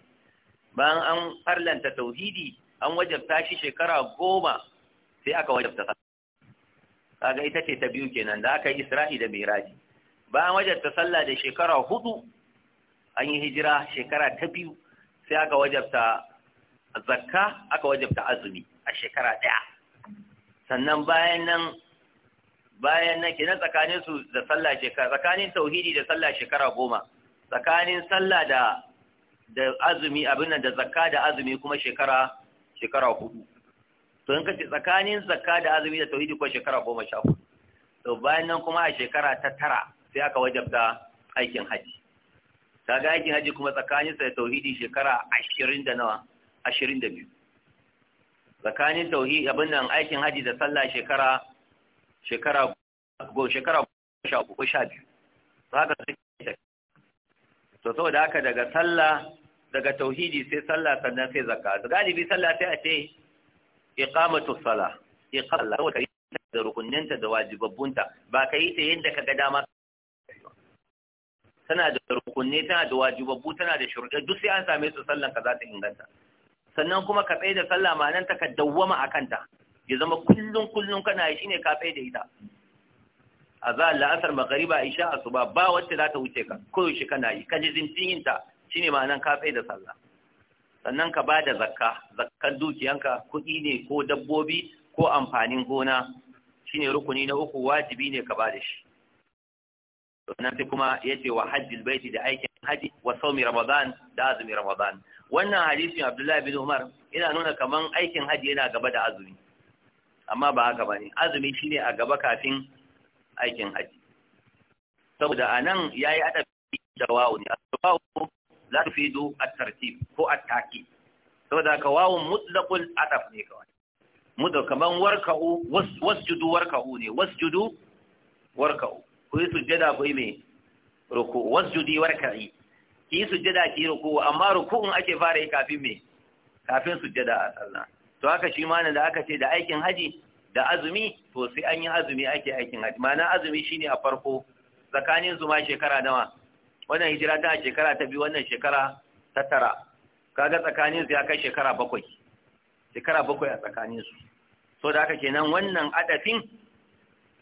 bayan an farlanta tauhidi an wajabta shi shekara goma sai aka wajabta sallah kaga ita ce ta biyu kenan da aka yi isra'i da miraji bayan wajabta sallah da shekara hudu an yi hijira shekara ta biyu sai aka wajabta zakka aka wajabta azumi a shekara ɗaya sannan bayan nan bayan nan kenan tsakanin su da sallah shekara tsakanin tauhidi da sallah shekara goma tsakanin sallah da da azumi abin nan da zakka da azumi kuma shekara shekara hudu to in kace tsakanin zakka da azumi da tauhidi kuma shekara goma sha hudu to bayan nan kuma a shekara ta tara sai aka wajabta aikin haji kaga aikin haji kuma tsakanin sa da tauhidi shekara ashirin da nawa ashirin da biyu tsakanin tauhidi abin nan aikin haji da sallah shekara shekara go shekara sha uku sha biyu to haka suke to saboda haka daga sallah daga tauhidi sai sallah sannan sai zakka to galibi sallah sai a ce iqamatu salah iqalla wa kai da rukunninta da wajibabbunta ba ka yi ta yadda ka ga dama tana da rukunne tana da wajibabbu tana da shuruɗe duk sai an same su sallan ka za ta inganta sannan kuma ka tsaye da sallah ma nan ta ka dawwama a kanta ya zama kullum kullum kana yi shine ka da ita A a la'asar magariba isha asuba ba wacce za ta wuce ka koyaushe kana yi Kaji, lizintin yin shine ma'anan ka da sallah sannan ka ba da zakka zakkan dukiyanka kuɗi ne ko dabbobi ko amfanin gona shine rukuni na uku wajibi ne ka ba da shi sannan sai kuma yace wa hajjil baiti da aikin haji wa saumi ramadan da azumi ramadan wannan hadisin abdullahi bin umar yana nuna kamar aikin haji yana gaba da azumi amma ba haka ba ne azumi shine a gaba kafin aikin haji saboda a nan ya yi adabi da wawo ne wawo za ta fido a tartib ko a taki saboda ka wawon mutlaqul adab ne kawai mutu kaman warka'u wasjudu warka'u ne wasjudu warka'u ku yi sujjada ku yi mai ruku wasjudi warka'i ki yi sujjada ki yi ruku amma ruku in ake fara yi kafin me kafin sujjada a sallah to haka shi ma da aka ce da aikin haji da azumi to sai an yi azumi ake aikin haji na azumi shi ne a farko tsakanin ma shekara nawa wannan hijira ta shekara ta biyu wannan shekara ta tara kaga tsakanin su ya kai shekara bakwai shekara bakwai a tsakanin su so da haka kenan wannan adafin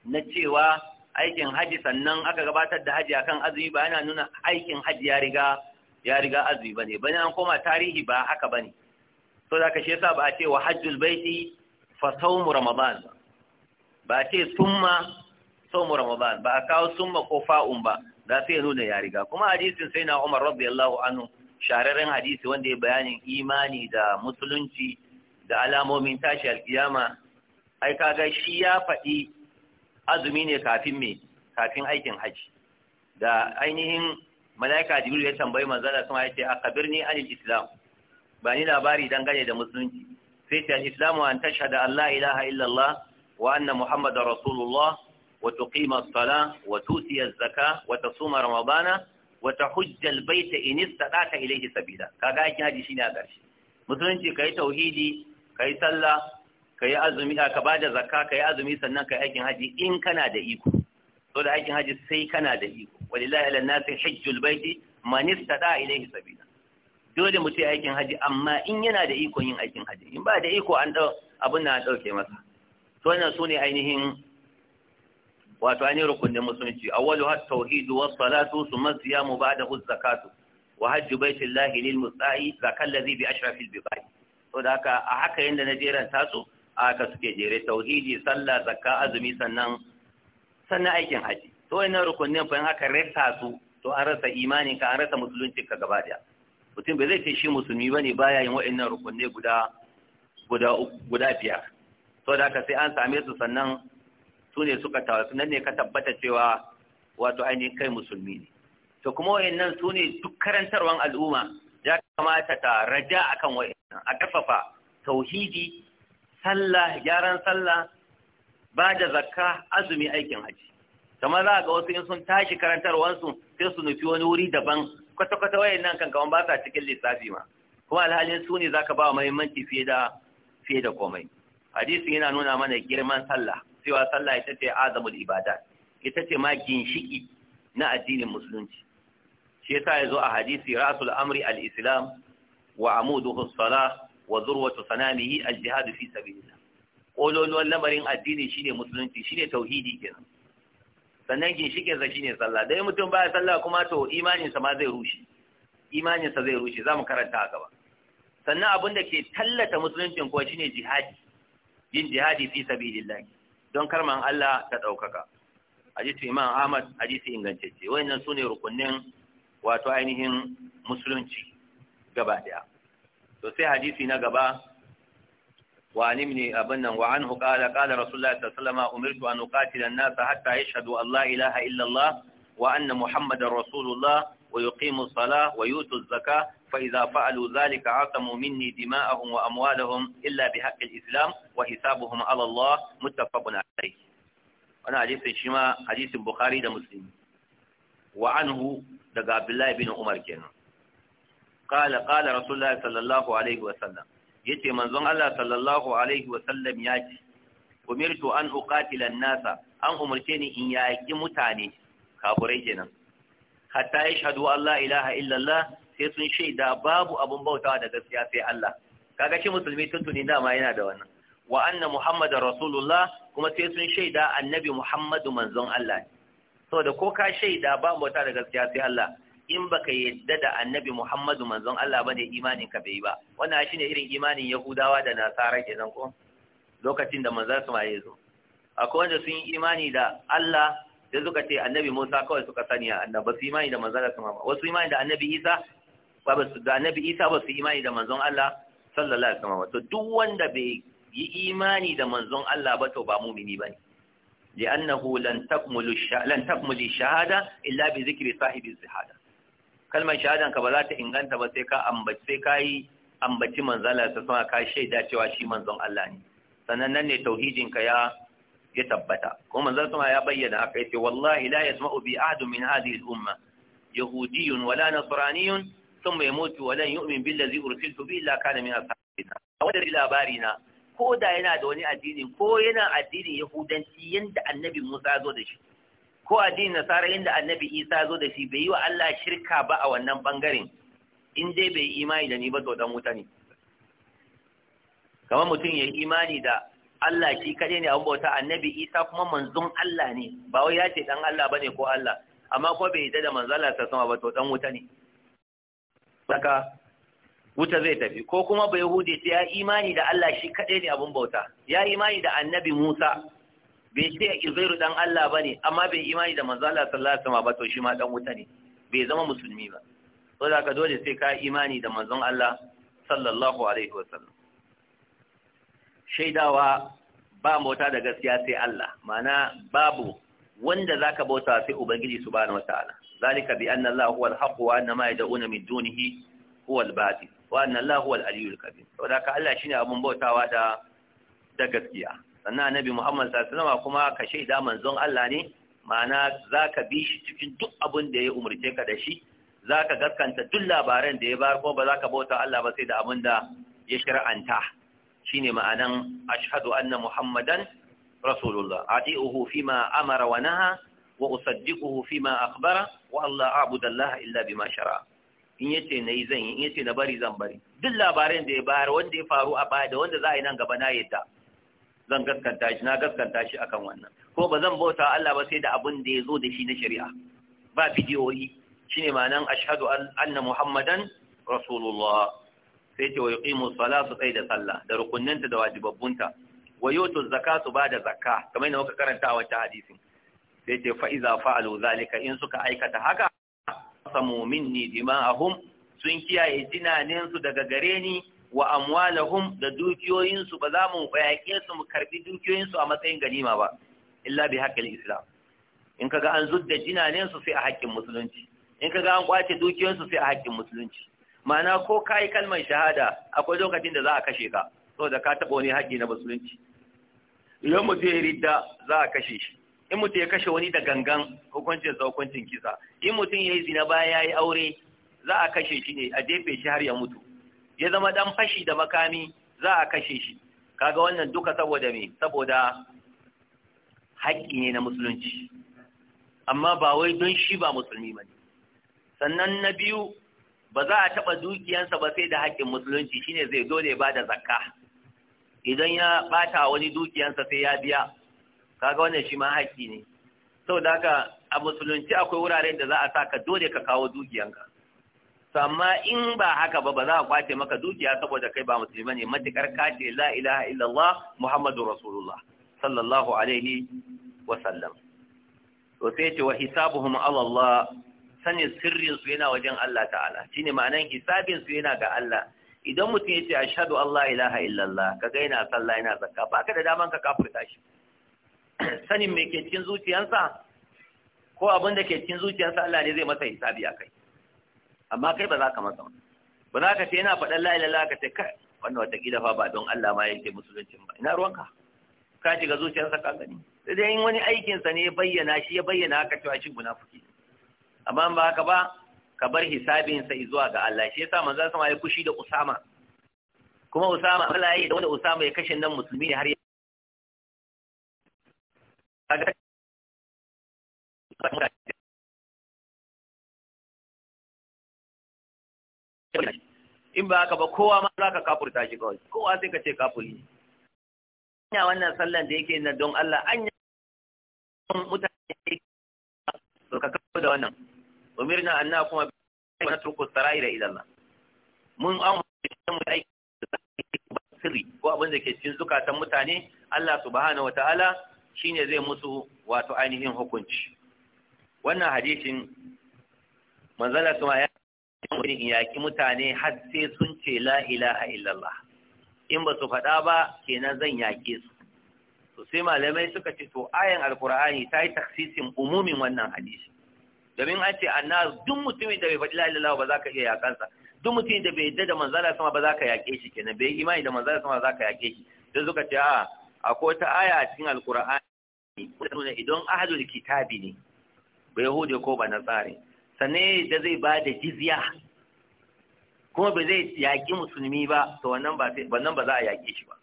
na cewa aikin haji sannan aka gabatar da haji akan azumi ba yana nuna aikin haji ya riga ya riga azumi bane bane an koma tarihi ba haka bane so da ka shi yasa ba a ce wa hajjul baiti fa sawmu ramadan ba a ce summa sawmu ramadan ba a kawo summa ko fa'un ba da sai nuna ya riga kuma hadisin sai na Umar radiyallahu anhu shararren hadisi wanda ya bayanin imani da musulunci da alamomin tashi alkiyama ai kaga shi ya faɗi azumi ne kafin me kafin aikin haji da ainihin malaika jibril ya tambayi manzala sun ya ce akabirni anil islam ba ni labari dangane da musulunci sai ta islamu an tasha da Allah, ilaha illallah wa anna muhammadar rasulullah wa tuqima as-sala wa tuti az-zaka wa tasuma ramadana wa tahujja al-bayta in istata ilayhi sabila kaga aikin haji shine a ƙarshe musulunci kai tauhidi kai sallah kai azumi ka bada zakka kai azumi sannan kai aikin haji in kana da iko to da aikin haji sai kana da iko walillahi ala nasi hajjul baiti man istata ilayhi sabila dole mu ce aikin haji amma in yana da iko yin aikin haji in ba da iko an dau abin da an dauke masa to wannan sune ainihin wato ainihin rukunin musulunci awwalu hat tauhid wa salatu thumma siyamu ba'dahu zakatu wa hajj baitillahi lil musta'i zakal ladhi bi ashrafil bibad to da haka a haka yanda na jeran taso haka suke jere tauhidi sallah zakka azumi sannan sannan aikin haji to wannan rukunin fa in aka rasa su to an rasa imani ka an rasa musulunci ka gaba daya mutum bai zai ce shi musulmi ba ne baya yin wa'annan rukunne guda guda sau biyar aka sai an same su sannan su ne suka tawasu nan ne ka tabbata cewa wato ainihin kai musulmi ne to kuma wa'annan su ne duk karantarwar al'umma ya kamata ta raja kan wa'annan a kafafa tauhidi sallah gyaran sallah ba da zakka azumi aikin haji kamar za ga wasu in sun tashi karantarwansu sai su nufi wani wuri daban kwata-kwata wayan nan kan kawan ba sa cikin lissafi ma kuma alhalin su ne zaka ba muhimmanci fiye da fiye da komai hadisi yana nuna mana girman sallah cewa sallah ita ce azamul ibada, ita ce ma ginshiki na addinin musulunci shi yasa yazo a hadisi rasul amri al-islam wa amuduhu as-salah wa zurwatu sanamihi al-jihad fi sabilillah kololuwan lamarin addini shine musulunci shine tauhidi kenan sannan ginshikin sa shine sallah dai mutum baya sallah kuma to imanin sa ma zai rushe imanin sa zai rushe zamu karanta haka ba. sannan abin da ke tallata musuluncin ko shine jihadi yin jihadi fi sabilillah don karman Allah ta daukaka hadisi Imam Ahmad hadisi ingantacce wayannan sune rukunnin wato ainihin musulunci gaba daya to sai hadisi na gaba وعن ابن أبنا وعنه قال قال رسول الله صلى الله عليه وسلم أمرت أن أقاتل الناس حتى يشهدوا أن لا إله إلا الله وأن محمد رسول الله ويقيم الصلاة ويؤتوا الزكاة فإذا فعلوا ذلك عصموا مني دماءهم وأموالهم إلا بحق الإسلام وحسابهم على الله متفق عليه أنا حديث شما حديث البخاري ده مسلم وعنه ده عبد الله بن عمر كان قال قال رسول الله صلى الله عليه وسلم Ya ce, manzon Allah sallallahu alaihi wa sallam ya ce umirtu an uqatila nasa an umarce ni in yaki mutane kafurai kenan hatta ya an la ilaha illa Allah sai sun shaida babu abun bautawa da gaskiya sai Allah kaga shi musulmi tuntuni dama yana da wannan wa anna Muhammadu rasulullah kuma sai sun shaida annabi muhammadu manzon Allah ne saboda ko ka shaida babu bauta da gaskiya sai Allah in baka yadda da annabi Muhammadu manzon Allah bane imanin ka bai ba wannan shine irin imanin Yahudawa da Nasara kenan ko lokacin da manzon su ma yazo akwai wanda sun yi imani da Allah da suka ce annabi Musa kawai suka sani annabi su imani da manzon Allah ba wasu imani da annabi Isa ba su da annabi Isa ba su imani da manzon Allah sallallahu alaihi wasallam to duk wanda bai yi imani da manzon Allah ba to ba mumini bane لأنه لن تكمل الشهادة إلا بذكر صاحب الزهادة kalmar shahadan ka ba za ta inganta ba sai ka ambaci sai yi ambaci manzala ta sama ka shaida cewa shi manzon Allah ne sannan nan ne tauhidin ka ya ya tabbata kuma manzon sama ya bayyana haka yace wallahi la yasma'u bi ahadun min hadhihi al-umma yahudiyyun wala nasraniyyun thumma yamutu wa lan yu'min billazi ursiltu bihi illa kana min ashabina wanda labari na ko da yana da wani addini ko yana addinin yahudanci yanda annabi Musa zo da shi ko addinin nasara inda annabi isa zo da shi bai yi wa Allah shirka ba a wannan bangaren in dai bai imani da ni ba to dan wuta ne kamar mutum ya imani da Allah shi kaɗai ne abin bauta annabi isa kuma manzon Allah ne ba wai ya ce dan Allah bane ko Allah amma ko bai yadda da manzala ta sama ba to dan wuta ne saka wuta zai tafi ko kuma bai hude sai ya imani da Allah shi kaɗai ne abin bauta ya imani da annabi Musa bai ce Uzairu dan Allah bane amma bai imani da manzo Allah sallallahu alaihi wasallam ba to shi ma dan wuta ne bai zama musulmi ba to da dole sai ka imani da manzon Allah sallallahu alaihi wasallam shaidawa ba mota da gaskiya sai Allah ma'ana babu wanda zaka bauta sai ubangiji subhanahu wataala zalika bi anna Allah huwa al-haq wa anna ma yad'una min dunihi huwa al-batil wa anna Allah huwa al-aliyyul kabir saboda ka Allah shine abun bautawa da da gaskiya sannan annabi Muhammad sallallahu kuma ka shaida manzon Allah ne ma'ana zaka bi shi cikin duk abin da ya umurce ka da shi zaka gaskanta duk labaran da ya bayar ko ba ka bauta Allah ba sai da abin da ya shar'anta shine ma'anan ashhadu anna Muhammadan rasulullah ati'uhu ma amara wa naha wa usaddiquhu ma akhbara wa Allah a'budu Allah illa bima shara in yace nayi zan yi in yace na bari zan bari duk labaran da ya bayar wanda ya faru a baya da wanda za a yi nan gaba na yadda zan gaskanta shi na gaskanta shi akan wannan ko ba zan bauta Allah ba sai da abin da ya zo da shi na shari'a ba bidiyoyi shine ma'anan ashhadu anna muhammadan rasulullah sai ce wa yuqimu salatu tsai da sallah da rukunninta da wajibabbunta wa yutu zakatu ba da zakka kamar yadda muka karanta a wancan hadisin sai ce fa iza fa'alu zalika in suka aikata haka samu minni dima'ahum sun kiyaye jinaninsu daga gare ni wa amwalahum da dukiyoyinsu ba za mu yaƙe su mu karɓi dukiyoyinsu a matsayin ganima ba illa bi haƙƙin islam in kaga an zudda jinanensu sai a haƙƙin musulunci in kaga an kwace dukiyoyinsu sai a haƙƙin musulunci ma'ana ko ka yi kalmar shahada akwai lokacin da za a kashe ka saboda ka taɓa wani haƙƙi na musulunci idan mutum ya ridda za a kashe shi in mutum ya kashe wani da gangan hukuncin sa hukuncin kisa in mutum ya yi zina bayan ya yi aure za a kashe shi ne a jefe shi har ya mutu ya zama ɗan fashi da makami za a kashe shi kaga wannan duka saboda me saboda haƙƙi ne na musulunci amma ba wai don shi ba musulmi ba ne sannan na biyu ba za a taɓa dukiyansa ba sai da haƙƙin musulunci shine zai dole ba da zakka idan ya ɓata wani dukiyansa sai ya biya kaga wannan shi ma haƙƙi ne saboda haka a musulunci akwai wuraren da za a sa ka dole ka kawo dukiyanka Sama amma in ba haka ba ba za a kwace maka dukiya saboda kai ba musulmi ne matukar ka ce la ilaha illallah muhammadu rasulullah sallallahu alaihi wa sallam to sai ce wa hisabuhum ala Allah sanin sirrin su yana wajen Allah ta'ala shine ma'anan hisabin su yana ga Allah idan mutum yace ashhadu Allah ilaha illallah kaga yana sallah yana zakka ba ka da daman ka kafirta shi sanin me ke cikin zuciyarsa ko abin da ke cikin zuciyarsa Allah ne zai masa hisabi akai amma kai ba za ka masa ba za ka ce yana faɗan la ka ce kai wannan watakila fa ba don Allah ma yake musuluncin ba ina ruwanka ka shiga zuciyarsa ka gani sai dai wani aikinsa ne ya bayyana shi ya bayyana haka cewa shi munafiki amma ba haka ba ka bar hisabinsa zuwa ga Allah shi yasa manzon sama ya kushi da Usama kuma Usama Allah ya yi da wanda Usama ya kashe nan musulmi ne har ya kaga in ba haka ba kowa ma za ka kafurta shi kawai kowa sai ka ce kafuri ne anya wannan sallan da yake na don Allah anya mutane da to ka kafa da wannan umirna anna kuma na turku sarai da idan mun an mu aiki da ba sirri ko abin da ke cikin zukatan mutane Allah subhanahu wataala shine zai musu wato ainihin hukunci wannan hadisin manzala kuma ya in iyaki, mutane har sai sun ce la ilaha illallah in ba su faɗa ba kenan zan yake su to sai malamai suka ce to ayan alkur'ani ta yi taksisin umumin wannan hadisi domin an ce anna duk mutumin da bai faɗi la ilaha ba za ka iya sa duk mutumin da bai yadda da manzala sama ba za ka yake shi kenan bai imani da manzala sama ba za ka yake shi sai suka ce a akwai wata aya a cikin alkur'ani idan ahadul kitabi ne ba yahudi ko ba na tsari. sannan da zai ba da jizya kuma ba zai yaƙi musulmi ba to wannan ba za a yaƙi shi ba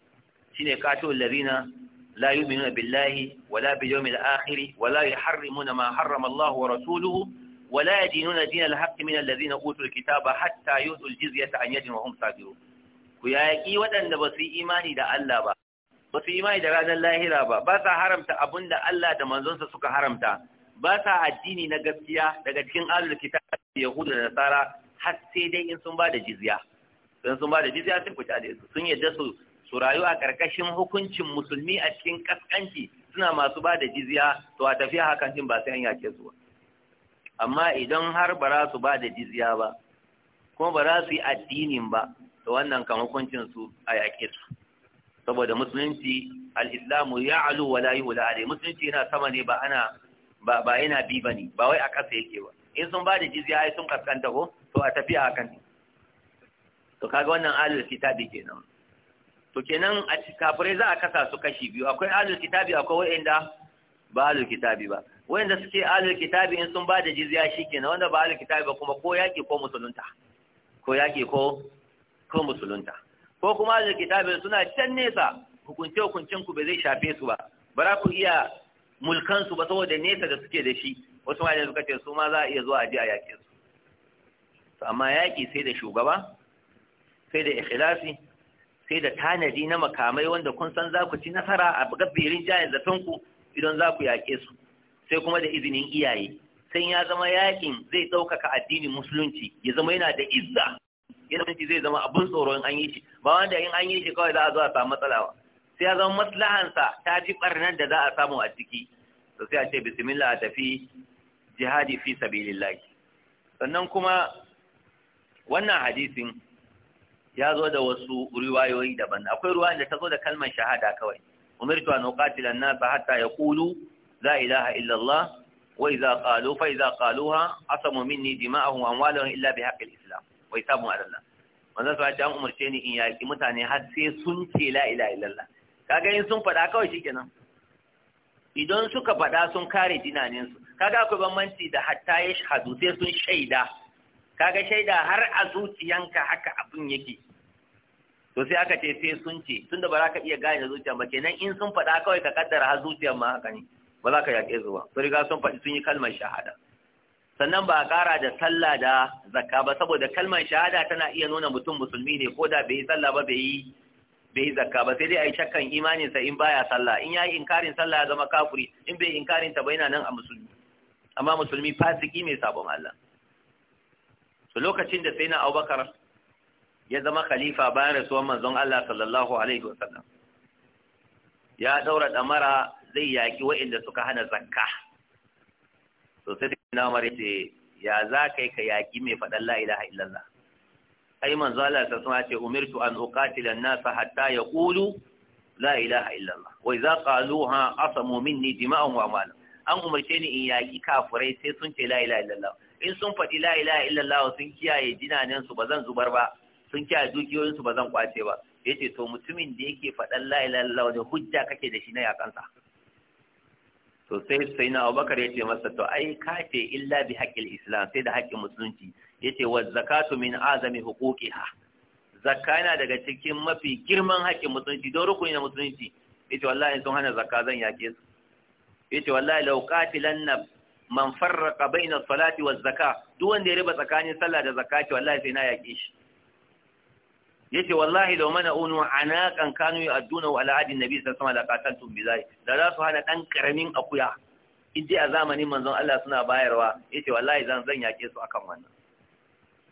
ne qatilul ladina la yu'minuna billahi wala bil yawmil akhir wala yuharrimuna ma harrama Allah wa rasuluhu wala ya dinar ولا يدينون دين الحق من الذين أوتوا الكتاب حتى يؤتوا الجزية عن يد Sabiru. Ku yaƙi waɗanda ba su yi imani da Allah ba ba su yi imani da ranar lahira ba ba sa haramta abin da Allah da manzonsa suka haramta ba sa addini na gaskiya daga cikin alul kitab yahudu da nasara har sai dai in sun ba da jizya in sun ba da jizya sai ku tare su sun yadda su su rayu a karkashin hukuncin musulmi a cikin kaskanci suna masu ba da jizya to a tafiya hakan din ba sai an yake su amma idan har ba su ba da jizya ba kuma ba za su yi addinin ba to wannan kan hukuncin su a yake su saboda musulunci al-islamu ya'lu wa la yu'la musulunci yana sama ne ba ana ba ba yana bi ne ba wai a ƙasa yake ba in sun ba da jizya ai sun kaskanta ko to a tafi a hakan to kaga wannan alul kitabi kenan to kenan a kafirai za a kasa su kashi biyu akwai alul kitabi akwai wa'inda ba alul kitabi ba wa'inda suke alul kitabi in sun ba da jizya shikenan wanda ba alul kitabi ba kuma ko yaki ko musulunta ko yaki ko ko musulunta ko kuma alul kitabi suna can nesa hukunce hukuncin ku ba zai shafe su ba Bara ku iya mulkansu ba saboda nesa da suke da shi wasu malamai suka ce su ma za a iya zuwa a a yaƙe su to amma yaƙi sai da shugaba sai da ikhlasi sai da tanadi na makamai wanda kun san za ku ci nasara a gabirin jayin ku idan za ku yaƙe su sai kuma da izinin iyaye sai ya zama yaƙin zai ɗaukaka addinin musulunci ya zama yana da izza yana zai zama abin tsoro in an yi shi ba wanda in an yi shi kawai za a zo a samu matsala ba sai ya zama maslahansa ta ji barnar da za a samu a ciki to sai a ce bismillah a tafi jihadi fi sabilillah sannan kuma wannan hadisin ya zo da wasu riwayoyi daban akwai ruwa da ta zo da kalmar shahada kawai umirtu an uqatila an-nasa hatta yaqulu la ilaha illa Allah wa idza qalu fa idza qaluha asamu minni dima'ahum wa amwaluhum illa bi haqqi islam wa isabu ala Allah manzon sa an umarce ni in yaki mutane har sai sun ce la ilaha illa Allah kaga in sun faɗa kawai shi kenan idan suka faɗa sun kare dinaninsu kaga akwai bambanci da hatta ya shahadu sai sun shaida kaga shaida har a zuciyanka haka abin yake to sai aka ce sai sun ce tunda ba za ka iya gane zuciya ba kenan in sun faɗa kawai ka kaddara har zuciyan ma haka ne ba za ka yaƙe zuwa ba sun riga sun faɗi sun yi kalmar shahada sannan ba a ƙara da sallah da zakka ba saboda kalmar shahada tana iya nuna mutum musulmi ne ko da bai yi sallah ba bai yi bai yi zakka ba sai dai a yi shakkan imaninsa in baya sallah in ya yi inkarin sallah ya zama kafuri in bai inkarin ta ba na nan a musulmi amma musulmi fasiki mai sabon Allah su lokacin da sai na abubakar ya zama khalifa bayan rasuwan manzon Allah sallallahu alaihi wasallam ya daura damara zai yaki waɗanda suka hana zakka to sai na umar ya ce ya za ka yaki mai faɗan la ilaha illallah ai manzo Allah ta sun ce umirtu an uqatila an-nas hatta yaqulu la ilaha illa Allah wa idza qaluha asamu minni dima'an wa amalan an umarce ni in yaki kafirai sai sun ce la ilaha illa Allah in sun faɗi la ilaha illa Allah sun kiyaye jinanen su bazan zubar ba sun kiyaye dukiyoyin su bazan kwace ba yace to mutumin da yake faɗan la ilaha illa Allah hujja kake da shi na yakansa to sai sai na Abubakar yace masa to ai ka ce illa bi haqqil islam sai da haƙƙin musulunci yace wa zakatu min azami huquqiha zakka yana daga cikin mafi girman haƙƙin musulunci don rukuni na musulunci yace wallahi sun hana zakka zan yake su yace wallahi law qatilanna man farraqa baina salati waz zakka duk wanda ya riba tsakanin sallah da zakka ce wallahi sai na yake shi yace wallahi law mana unu anaqan kanu yu'adduna ala ahadin nabi sallallahu alaihi wasallam la qataltum da za su hana dan karamin akuya in a zamanin manzon Allah suna bayarwa yace wallahi zan zan yake su akan wannan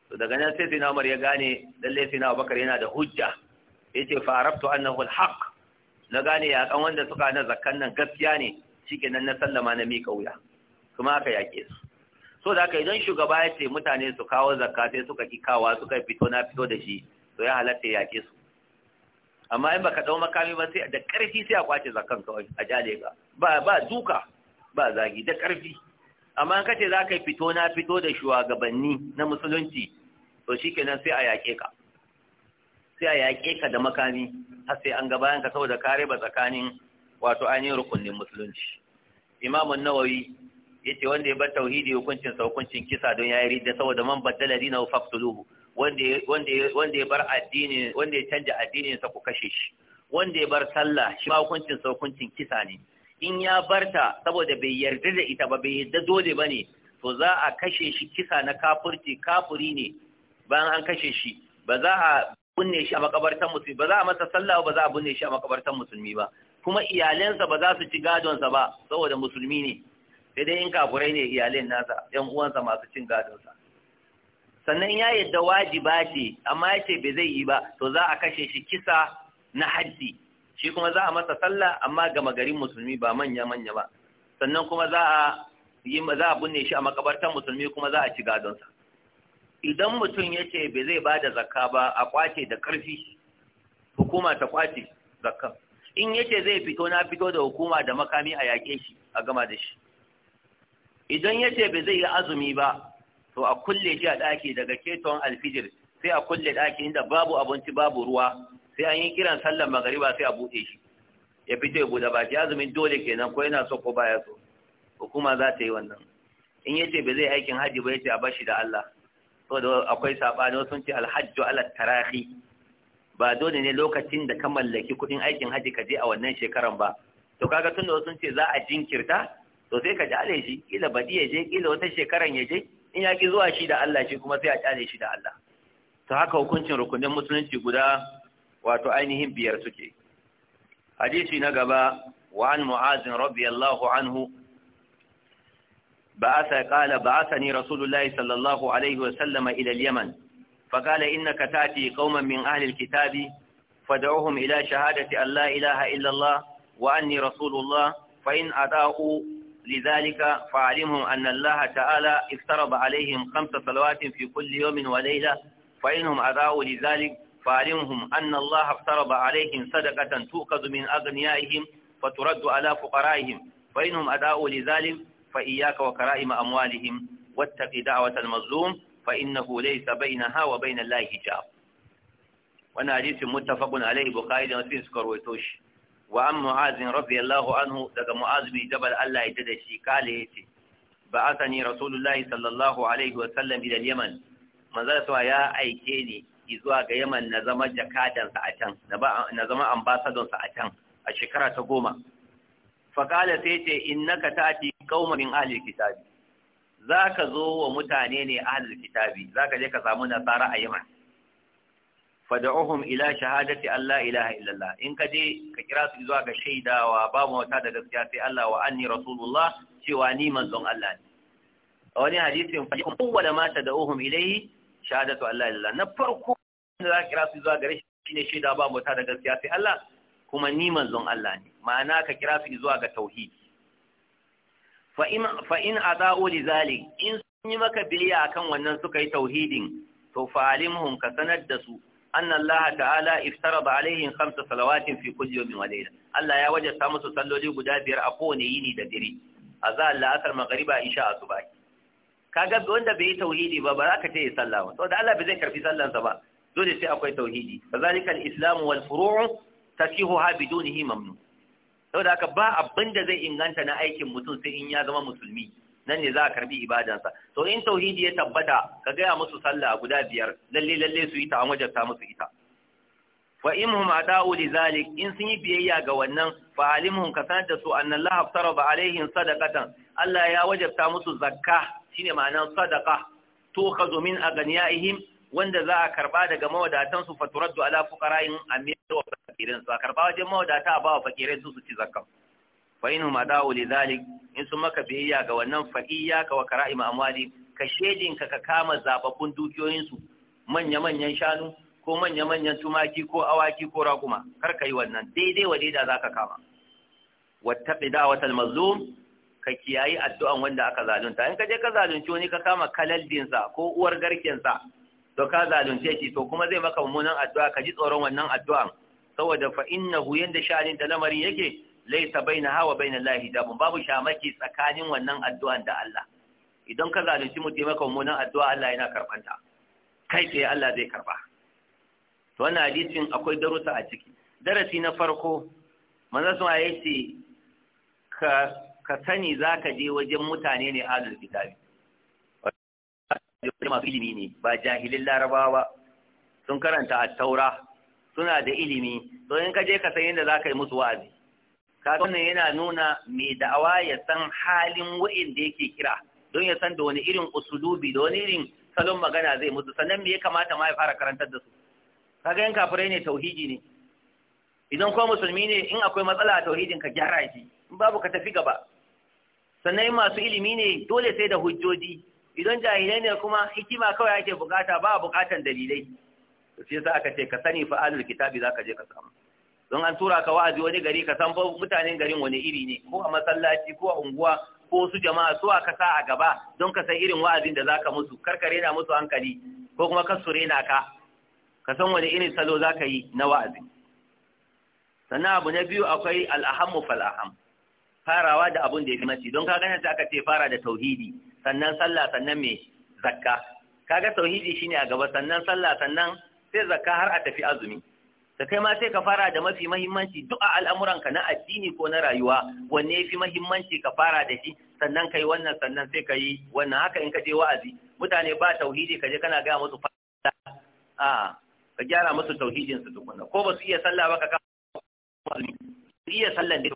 to daga nan sai sina umar ya gane lallai sina abubakar yana da hujja ya ce farabtu annahu alhaq na gane kan wanda suka na zakkan nan gaskiya ne shikenan na sallama na mika wuya kuma aka yake su so da haka idan shugaba ya ce mutane su kawo zakka sai suka ki kawa suka fito na fito da shi to ya halatta ya yake su amma in baka dau makami ba sai da karfi sai a kwace zakkan kawai a jale ka ba ba duka ba zagi da karfi amma an kace za ka fito na fito da shugabanni na musulunci to kenan sai a yaƙe ka sai a yaƙe ka da makami har sai an ga bayan ka saboda kare ba tsakanin wato ainihin rukunin musulunci imamu nawawi yace wanda ya bar tauhidi hukuncin sa hukuncin kisa don yayi ridda saboda man baddala dinahu faqtuluhu wanda wanda wanda ya bar addini wanda ya canja addinin sa ku kashe shi wanda ya bar sallah shi ma hukuncin sa hukuncin kisa ne in ya barta saboda bai yarda da ita ba bai yarda dole bane to za a kashe shi kisa na kafirci kafiri ne bayan an kashe shi ba za a binne shi a makabartan musulmi ba za a masa sallah ba za a binne shi a makabartan musulmi ba kuma iyalensa ba za su ci gadonsa ba saboda musulmi ne sai dai in kafurai ne iyalen nasa yan uwansa masu cin gadonsa sannan ya yadda wajiba ce amma ya ce bai zai yi ba to za a kashe shi kisa na haddi shi kuma za a masa sallah amma ga magarin musulmi ba manya manya ba sannan kuma za a yi za a binne shi a makabartan musulmi kuma za a ci gadonsa idan mutum ya ce bai zai ba da zakka ba a kwace da ƙarfi hukuma ta kwace zakka in ya ce zai fito na fito da hukuma da makami a yaƙe shi a gama da shi idan ya ce bai zai yi azumi ba to a kulle shi a ɗaki daga keton alfijir sai a kulle ɗaki inda babu abinci babu ruwa sai an yi kiran sallar magariba sai a buɗe shi ya fito ya buɗe baki azumin dole kenan ko yana so ko baya so hukuma za ta yi wannan in ya ce bai zai aikin haji ba ya ce a bashi da Allah saboda akwai sabani wasu sun ce alhajju ala tarahi ba dole ne lokacin da ka mallaki kuɗin aikin hajji ka je a wannan shekaran ba to kaga tunda wasu sun ce za a jinkirta to sai ka jale shi kila baɗi ya je kila wata shekaran ya je in ya ki zuwa shi da Allah shi kuma sai a jale shi da Allah to haka hukuncin rukunin musulunci guda wato ainihin biyar suke hadisi na gaba wa an mu'azin radiyallahu anhu بعث قال بعثني رسول الله صلى الله عليه وسلم إلى اليمن فقال إنك تأتي قوما من أهل الكتاب فدعوهم إلى شهادة أن لا إله إلا الله وأني رسول الله فإن أداؤوا لذلك فعلمهم أن الله تعالى افترض عليهم خمس صلوات في كل يوم وليلة فإنهم أداؤوا لذلك فعلمهم أن الله افترض عليهم صدقة تؤخذ من أغنيائهم فترد على فقرائهم فإنهم أداؤوا لذلك fa iyyaka wa kara'ima amwalihim wattaqi da'watal mazlum fa innahu laysa bainaha wa bainal lahi hijab wannan hadisin muttafaqun alayhi bukhari da muslim suka rawaito shi wa an mu'azin radiyallahu anhu daga mu'az bin jabal Allah ya tada shi kale yace ba'athani rasulullahi sallallahu alaihi wa sallam yaman ya aike ni zuwa ga yaman na zama jakadan a can na zama ambassador sa a can a shekara ta goma fa kala in naka ta ta'ti qauma min ahli kitabi zaka zo wa mutane ne ahli kitabi zaka je ka samu nasara a yaman fad'uhum ila shahadati alla ilaha illallah in ka je ka kira su zuwa ga shaidawa mu wata da gaskiya sai Allah wa anni rasulullah cewa ni manzon Allah ne a wani hadisin fa kowa ma tad'uhum ilayhi shahadatu alla ilaha na farko da za ka kira su zuwa ga shine shaida mu wata da gaskiya sai Allah kuma ni manzon Allah ne ma'ana ka kira su zuwa ga tauhidi fa in aza'u li zalik in sun yi maka biyayya akan wannan suka yi tauhidin to fa alimhum ka sanar da su anna Allah ta'ala iftarada alaihim khamsa salawatin fi kulli yawmin wa layla Allah ya wajabta musu salloli guda biyar a kowane yini da dare azza Allah asar magriba isha asuba kaga wanda bai yi tauhidi ba ba za ka ce ya sallah ba saboda Allah bai zai karfi sallansa ba dole sai akwai tauhidi kazalika al-islam wal furu' tashihuha bidunihi mamnu saboda haka ba abin da zai inganta na aikin mutum sai in ya zama musulmi nan ne za a karbi ibadansa to in tauhidi ya tabbata ka gaya musu sallah guda biyar lalle lalle su yi ta wajabta musu ita fa imhum ada'u li zalik in sun yi biyayya ga wannan fa alimhum ka sanar da su anna Allah aftaraba alaihim sadaqatan Allah ya wajabta musu zakka shine ma'anar sadaqa to khazu min aganiyaihim wanda za a karba daga mawadatansu faturaddu ala fuqara'in amir fakirin su a karba wajen mawadata a wa fakirai su su ci zakka fa in huma da'u li zalik in sun maka biyayya ga wannan fa ka wa kara'im amwali ka shedin ka ka kama zababbun dukiyoyin su manya manyan shanu ko manya manyan tumaki ko awaki ko raguma kar ka yi wannan daidai wa daida zaka kama wattaqi da'watal mazlum ka kiyayi addu'an wanda aka zalunta in ka je ka zalunci wani ka kama sa ko uwar garkensa to ka zalunce shi to kuma zai maka mummunan addu'a ka ji tsoron wannan addu'an saboda fa innahu yanda sha'anin da lamari yake laisa baina hawa baina lahi dabun babu shamaki tsakanin wannan addu'an da Allah idan ka zalunci taimaka mu mummunan addu'a Allah yana karbanta kai sai Allah zai karba to wannan hadisin akwai darussa a ciki darasi na farko manzo sun ayace ka ka sani zaka je wajen mutane ne alul kitabi masu ilimi ne ba jahilin larabawa sun karanta a taura suna da ilimi to in ka je ka san yadda za ka yi musu wa'azi kaga wannan yana nuna mai da'awa ya san halin wa'inda yake kira don ya san da wani irin usulubi da wani irin salon magana zai musu, sannan me ya kamata ma ya fara karantar da su kaga yan kafirai ne tauhidi ne idan kuma musulmi ne in akwai matsala a tauhidin ka gyara shi in babu ka tafi gaba sannan masu ilimi ne dole sai da hujjoji idan jahilai ne kuma hikima kawai ake bukata ba bukatan dalilai to shi yasa aka ce ka sani fa alul kitabi zaka je ka samu don an tura ka wa'azi wani gari ka san mutanen garin wani iri ne ko a masallaci ko a unguwa ko su jama'a su aka sa a gaba don ka san irin wa'azin da zaka musu karkare na musu hankali ko kuma ka sure na ka ka san wani irin salo zaka yi na wa'azi sannan abu na biyu akwai al'ahammu fal farawa da abun da ya fi mace don ka gane aka ce fara da tauhidi sannan sallah sannan me zakka kaga tauhidi shine a gaba sannan sallah sannan sai zakka har a tafi azumi da kai ma sai ka fara da mafi mahimmanci duk a al'amuranka na addini ko na rayuwa wanne ya fi mahimmanci ka fara da shi sannan kai wannan sannan sai ka yi wannan haka in ka je wa'azi mutane ba tauhidi ka je kana gaya musu fada a ka gyara musu tauhidin su tukunna ko ba su iya sallah ba ka ka su iya sallah da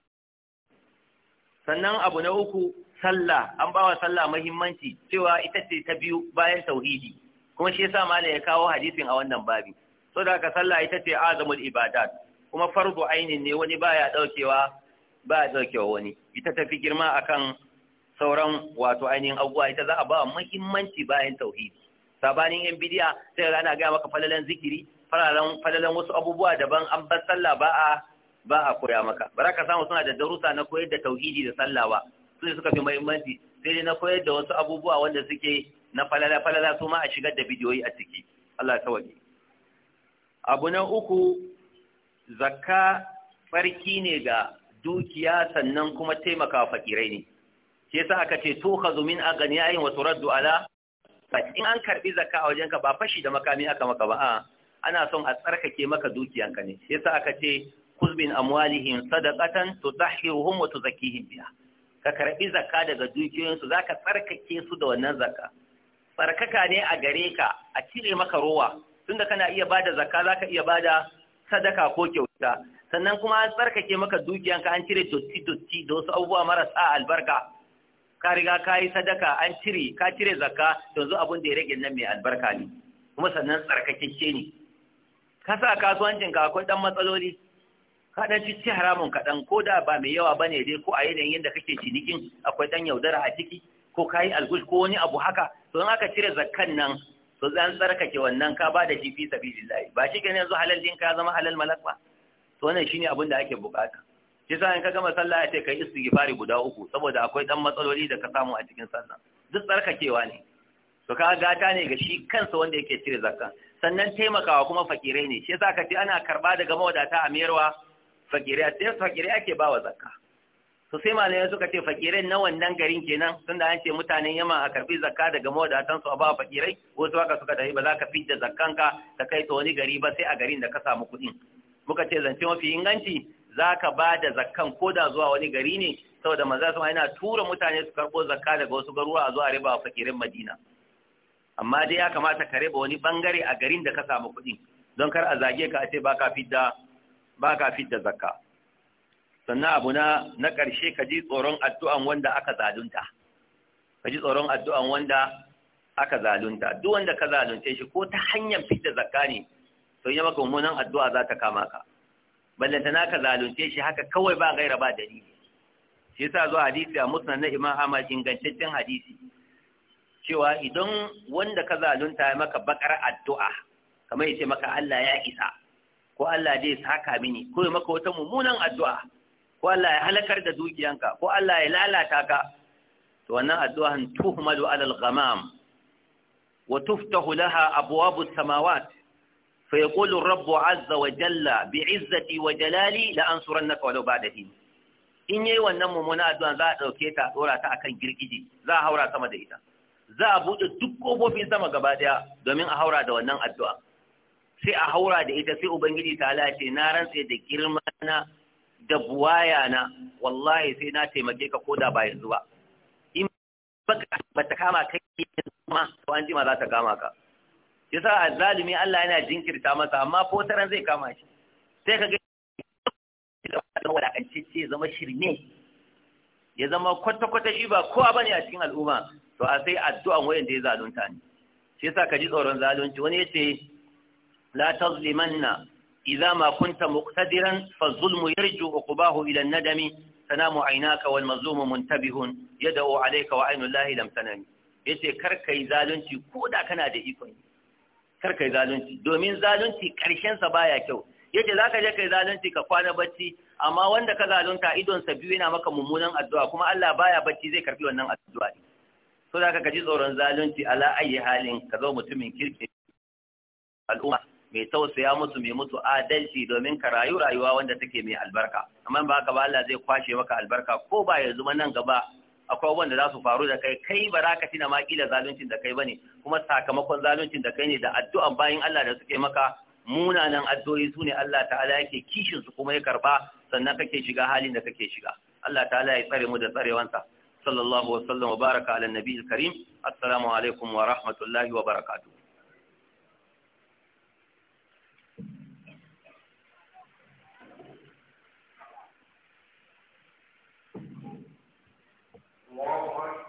sannan abu na uku sallah an ba wa sallah mahimmanci cewa ita ce ta biyu bayan tauhidi kuma shi yasa malam ya kawo hadisin a wannan babi so da sallah ita ce azamul ibadat kuma farzu ainin ne wani baya daukewa ba daukewa wani ita ta fi girma akan sauran wato ainihin abubuwa ita za a ba muhimmanci bayan tauhidi sabanin yan bidiya sai ga ana ga maka falalan zikiri falalan falalan wasu abubuwa daban an bar sallah ba a ba a koya maka baraka samu suna da darusa na koyar da tauhidi da sallah ba su suka fi muhimmanci sai dai na koyar da wasu abubuwa wanda suke na falala falala su ma a shigar da bidiyoyi a ciki Allah ta waje abu na uku zakka farki ne ga dukiya sannan kuma taimaka fakirai ne shi yasa aka ce to ka zumin a gani wasu raddu ala in an karbi zakka a wajenka ba fashi da makami aka maka ba a ana son a tsarkake maka dukiyanka ne shi yasa aka ce kuzbin amwalihim sadaqatan tutahhiruhum wa tuzakkihim biha ka karbi zakka daga dukiyoyinsu zaka tsarkake su da wannan zakka tsarkaka ne a gare ka a cire maka rowa tunda kana iya bada zakka zaka iya bada sadaka ko kyauta sannan kuma an tsarkake maka dukiyanka an cire dotti dotti da wasu abubuwa marasa albarka ka riga ka yi sadaka an cire ka cire zakka yanzu abin da ya rage nan mai albarka ne kuma sannan tsarkakeke ne ka sa kasuwancinka akwai dan matsaloli ka dan ci haramun kaɗan ko da ba mai yawa bane dai ko a yanayin yadda kake cinikin akwai dan yaudara a ciki ko kayi algush ko wani abu haka to in aka cire zakkan nan to zan tsarkake wannan ka ba da jifi sabilillahi ba shi kenan yanzu halal din ka zama halal malak ba to wannan shine abin da ake bukata shi sa in ka gama sallah ya ce kai istighfari guda uku saboda akwai dan matsaloli da ka samu a cikin sallah duk tsarkakewa ne to ka gata ne ga shi kansa wanda yake cire zakka sannan taimakawa kuma fakirai ne shi yasa ka ce ana karba daga mawadata a mayarwa fakirai sai fakirai ake bawa zakka to sai malamai suka ce fakirai na wannan garin kenan da an ce mutanen yamma a karbi zakka daga mawadatan su a ba fakirai wasu haka suka tafi ba za ka fidda zakkanka ta kai ta wani gari ba sai a garin da ka samu kuɗin muka ce zance mafi inganci za ka ba da zakkan ko da zuwa wani gari ne saboda maza su yana tura mutane su karɓo zakka daga wasu garuruwa a zuwa riba fakirin madina amma dai ya kamata ka riba wani bangare a garin da ka samu kuɗin don kar a zage ka a ce ba ka fidda zakka sannan abu na na ƙarshe ka ji tsoron addu'an wanda aka zalunta ka ji tsoron addu'an wanda aka zalunta duk wanda ka zalunce shi ko ta hanyar fita zakka ne to yi maka mummunan addu'a za ta kama ka ballanta na ka zalunce shi haka kawai ba gaira ba dalili shi sa zuwa hadisi a musnan na imam ahmad ingantaccen hadisi cewa idan wanda ka zalunta ya maka bakar addu'a kamar ya ce maka Allah ya isa ko Allah zai saka mini ko ya maka wata mummunan addu'a ko Allah ya halakar da dukiyanka ko Allah ya lalata ka to wannan addu'an tuhmalu alal ghamam wa tuftahu laha abwabus samawat fa yaqulu rabbu azza wa jalla bi wa jalali la ansurannaka walau ba'da hin in yayi wannan mummuna addu'a za a dauke ta dora ta akan girgije za a haura sama da ita za a buɗe duk kofofin sama gaba ɗaya domin a haura da wannan addu'a sai a haura da ita sai ubangiji ta ce na rantse da girma na da buwaya na wallahi sai na taimake ka koda ba yanzu ba in ba ta kama kai kuma to an ma za ta kama ka yasa azzalimi Allah yana jinkirta masa amma ko taran zai kama shi sai ka ga wadakancicce zama shirme ya zama kwata-kwata shi ba kowa bane a cikin al'umma to a sai addu'an wayan da ya zalunta ne shi yasa ka ji tsoron zalunci wani yace la tazlimanna إذا ma kunta مقتدرا fa zulmu قباه إلى الندم an-nadami والمظلوم منتبه wal عليك وعين الله لم wa aynu كرك lam كودا كنا kar كرك zalunci دومين da سبايا ikon kar baya kyau yace zaka je kai zalunci ka kwana bacci amma wanda ka zalunta idon sa biyu yana maka mummunan addu'a kuma Allah baya bacci zai karbi wannan addu'a so zaka ka ji tsoron zalunci ala ayi halin ka zo mutumin kirki al'umma mai tausaya musu mai musu adalci domin ka rayu rayuwa wanda take mai albarka amma ba haka ba Allah zai kwashe maka albarka ko ba ya zuma nan gaba akwai wanda za su faru da kai kai ba za ka tina ma kila zaluncin da kai bane kuma sakamakon zaluncin da kai ne da addu'an bayan Allah da suke maka munanan addu'o'i su ne Allah ta'ala yake kishin su kuma ya karba sannan kake shiga halin da kake shiga Allah ta'ala ya tsare mu da tsarewansa sallallahu wa sallam wa baraka ala nabiyil karim assalamu alaikum wa rahmatullahi wa barakatuh long march